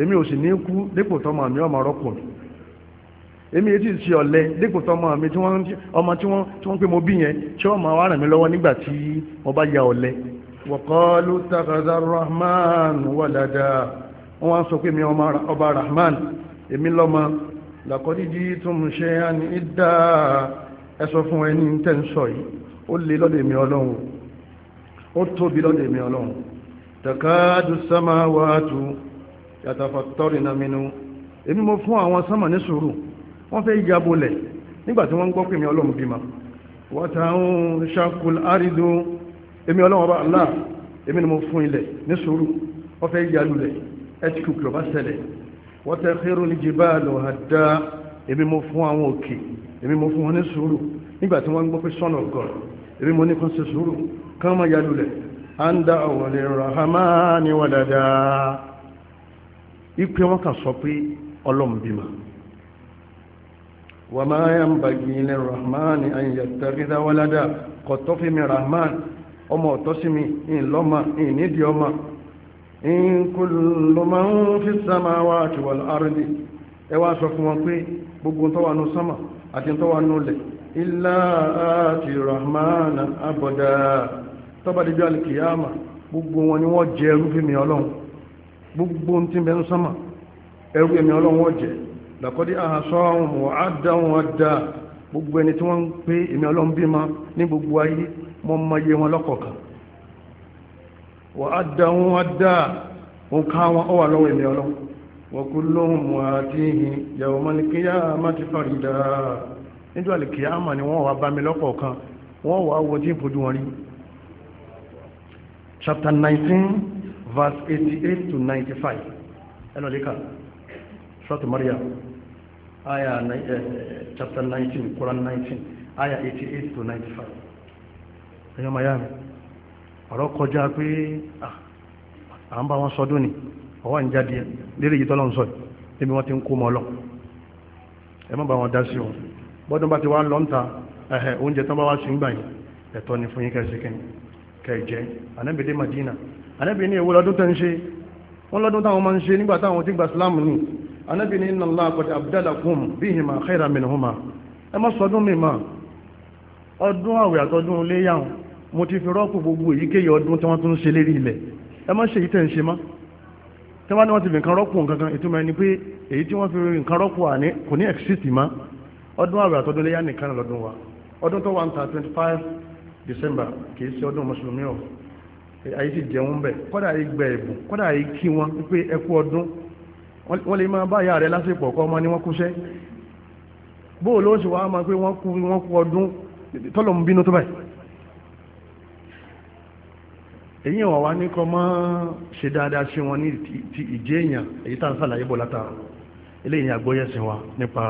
èmi ò sì ní kú dépò tọmọ mi ọmọ ọ̀rọ̀ kù èmi etí ti ọ̀lẹ dépò tọmọ mi ọmọ tí wọ́n pé mo bí yẹn tí máa nígbà tí bá ya wọ́kọ́lù rahman wọ́n sọ pé mi ọba rahman èmi lọ́mọ làkọ́dídí tó mú ṣe á ní ìdá ẹsọ fún ẹni tẹ́ ń sọ yìí ó lè lọ́dẹ̀ mi ọlọ́run ó tóbi lọ́dẹ̀ mi ọlọ́run takadu samawatu yatafattarna minhu èmi mo fún àwọn sánmà ní sùúrù wọ́n fẹ́ yabolẹ̀ nígbàtí wọ́n gbọ́ pé mi ọlọ́run bímọ wọ́tàún ṣakul àrídò èmi ọlọ́run ọba Allah èmi ni mo fún ilẹ̀ ní sùúrù wọ́n fẹ́ yalulẹ̀ ẹtìkù kìlọ̀ bá ṣẹlẹ̀ wọ́tẹ́kẹ́rù ní jìbáàlù àdá èmi mo fún àwọn òkè èmi mo fún wọn ní sùúrù wọ́n gbọ́ pé son of God mo ní kan ṣe sùúrù kán máa yalulẹ̀ à ń ọ̀wọ̀ lè rahama ní wàdàdà ipe wọn kàn sọ pé ọlọ́run bímọ wà máa yà ń bàgì ilẹ̀ rahman àyìnyà tàbídá wàládà kọ̀tọ́ fi mi rahman ọmọ ọ̀tọ́ sí mi ìlọ́mà in kullu man fi samawati wal ardi ẹ wá sọ fún wọn pé gbogbo tó wà nù sánmà àti tó wà nù lẹ̀ illa àti rahmana abada tó alkiyama gbogbo wọn ni wọ́n jẹ gbogbo tí bẹ ń sánmà ẹrú fún mi ọlọ́run wọ́n jẹ làkọ́dí ahasọ́hún gbogbo وأدهم أدى وكاوا أولا wa وكلهم واتيه يوم القيامة فردا níjọ́ lè kìí àmà ni wọ́n wà bá mi lọ́pọ̀ kan wọ́n wà wọ́n tí ìfojú wọn rí chapter 19 verse 88 to 95 ẹnà líka sọ́tù maria aya eh, chapter 19 Quran 19 aya 88 to 95 ẹ̀yọ́ miami ọ̀rọ̀ kọjá pé à ń bá wọn sọdún ni ọwọ́ ń jáde lérí yìí tọ́lọ́ ń sọ ẹbí wọ́n ti ń kó mọ́ lọ ẹ má bá wọn dá sí wọn bọ́dún bá ti wá lọ ń ẹ̀hẹ̀ oúnjẹ tán bá wá sí ń gbà yìí ẹ̀tọ́ ni fún yín kẹ́sì kẹ́ni kẹ́ẹ̀jẹ́ anábì dé Madina anábì ní èwo lọ́dún tó ń ṣe wọ́n lọ́dún táwọn máa ń ṣe nígbà táwọn ti gba Islam ni anábì ní inna Allah qad abdalakum bihima khayran minhuma ẹ má sọdún mi mà ọdún àwẹ̀ àtọdún léyàwó mo ti fi rọ́pù gbogbo èyíkéyìí ọdún tí wọ́n tún ṣe lérí ilẹ̀ ẹ má ṣe èyí tẹ̀ ń ṣe má tí ní wọ́n ti fi nǹkan rọ́pù nǹkan kan ìtumọ̀ ẹni pé èyí tí wọ́n fi nǹkan àní kò ní exist má ọdún àwẹ̀ àtọdún léyà nìkan lọ́dún wa ọdún tó wà ń ta twenty five december ṣe ọdún mùsùlùmí ọ̀ ayé ti jẹun bẹ̀ kọ́dà yìí gbẹ ẹ̀bùn kọ́dà yìí kí wọn pé ẹ kú èyí wọ̀n wá ní kọ mọ́ ṣe dáadáa sí wọn ní ti ìjẹ́ èèyàn èyí tá ń sàlàyé bọ̀ látàrà ilé ìyìn àgbóyẹ̀sìn wa nípa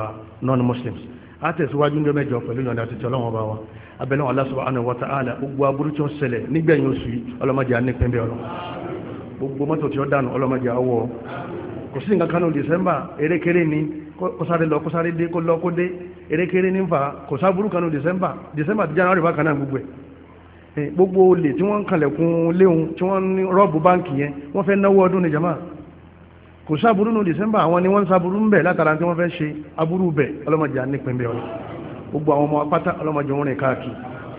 non-muslims a tẹ̀síwájú ní mẹ́jọ pẹ̀lú ìyọ̀nà àti tọ́lọ́wọ́n bá wa abẹ́lẹ́ Allah subhanahu wa ta'ala gbogbo aburú tí ó ṣẹlẹ̀ nígbẹ̀yìn oṣù ọlọ́mọdé anípẹ́ńbẹ́ ọlọ́ gbogbo mọ́tò tí ó dànù ọlọ́mọdé December erékeré ni kó sáré lọ kó sáré dé kó lọ kó December December ti January bákan náà gbogbo ẹ̀ Eh, gbogbo olè tí wọ́n ń kanlẹ̀kùn léhun tí wọ́n ń rọ́ọ̀bù báǹkì yẹn wọ́n fẹ́ náwó ọdún ní jama kò sáburú nù december àwọn ni wọ́n ń sáburú ń bẹ̀ látara tí wọ́n fẹ́ ṣe aburú bẹ̀ ọlọ́mọdé ànípin bẹ̀ ọ̀la gbogbo àwọn ọmọ apáta ọlọ́mọdé wọn rìn káàkiri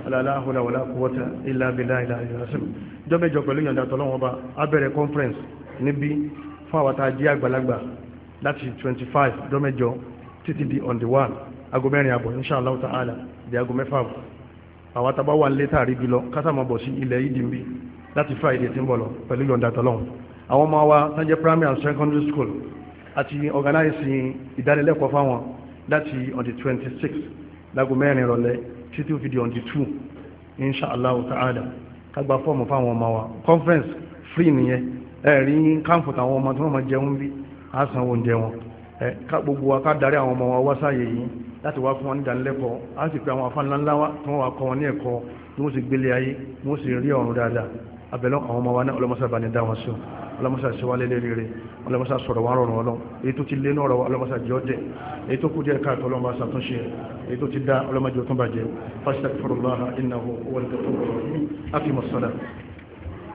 alala ahola wala kuwata illa bila ila yasim jọmẹjọ pẹ̀lú yọ̀ǹda tọlọ́run ọba a bẹ̀rẹ̀ conference níbí fún àwọn tá a jẹ́ àgbàlagbà láti twenty five jọmẹjọ títí di on the one aago mẹ́rin inshallah ta'ala di aago mẹ́fà àbọ̀ àwọn tàbá wà nílé tààrí bí lọ kásàmọ́ bọ̀ sí ilẹ̀ yìí dìbì láti friday tí ń bọ̀ lọ pẹ̀lú yọ̀ǹda tọ́lọ́hún àwọn ọmọ wa tán primary and secondary school àti organize ìdánilẹ́kọ̀ọ́ fáwọn láti on the twenty six láago mẹ́rin rọ̀lẹ́ títí òfìdí on the two inshallah ta'ala kagbà fọ́ọ̀mù fáwọn ọmọ wa conference free nìyẹn ẹ̀rí káǹfù táwọn ọmọ tí wọ́n máa jẹun bí á oúnjẹ wọn ká gbogbo wa ká darí àwọn ọmọ wa wá sáyé yìí láti wá fún wọn ní ìdánilẹ́kọ̀ọ́ á sì pé àwọn afánlá ńlá wa tí wọ́n wá kọ́ wọn ní ẹ̀kọ́ tí wọ́n sì gbélé ayé wọ́n sì rí ọ̀run dáadáa abẹ̀lọ́ àwọn ọmọ wa náà ọlọ́mọsá bá ní dá wọn sí ọlọ́mọsá síwálé lérí rẹ̀ ọlọ́mọsá sọ̀rọ̀ wọn rọrùn ọlọ́ èyí tó ti lé náà rọwọ́ ọlọ́mọsá jẹ́ ọdẹ èyí tó kú díẹ̀ káàtọ́ ọlọ́mọ ṣàtúnṣe èyí tó ti dá ọlọ́mọdé tó ń bàjẹ́ fásitì fọlọ́lá innahu huwal ghafurur rahim aqimus salat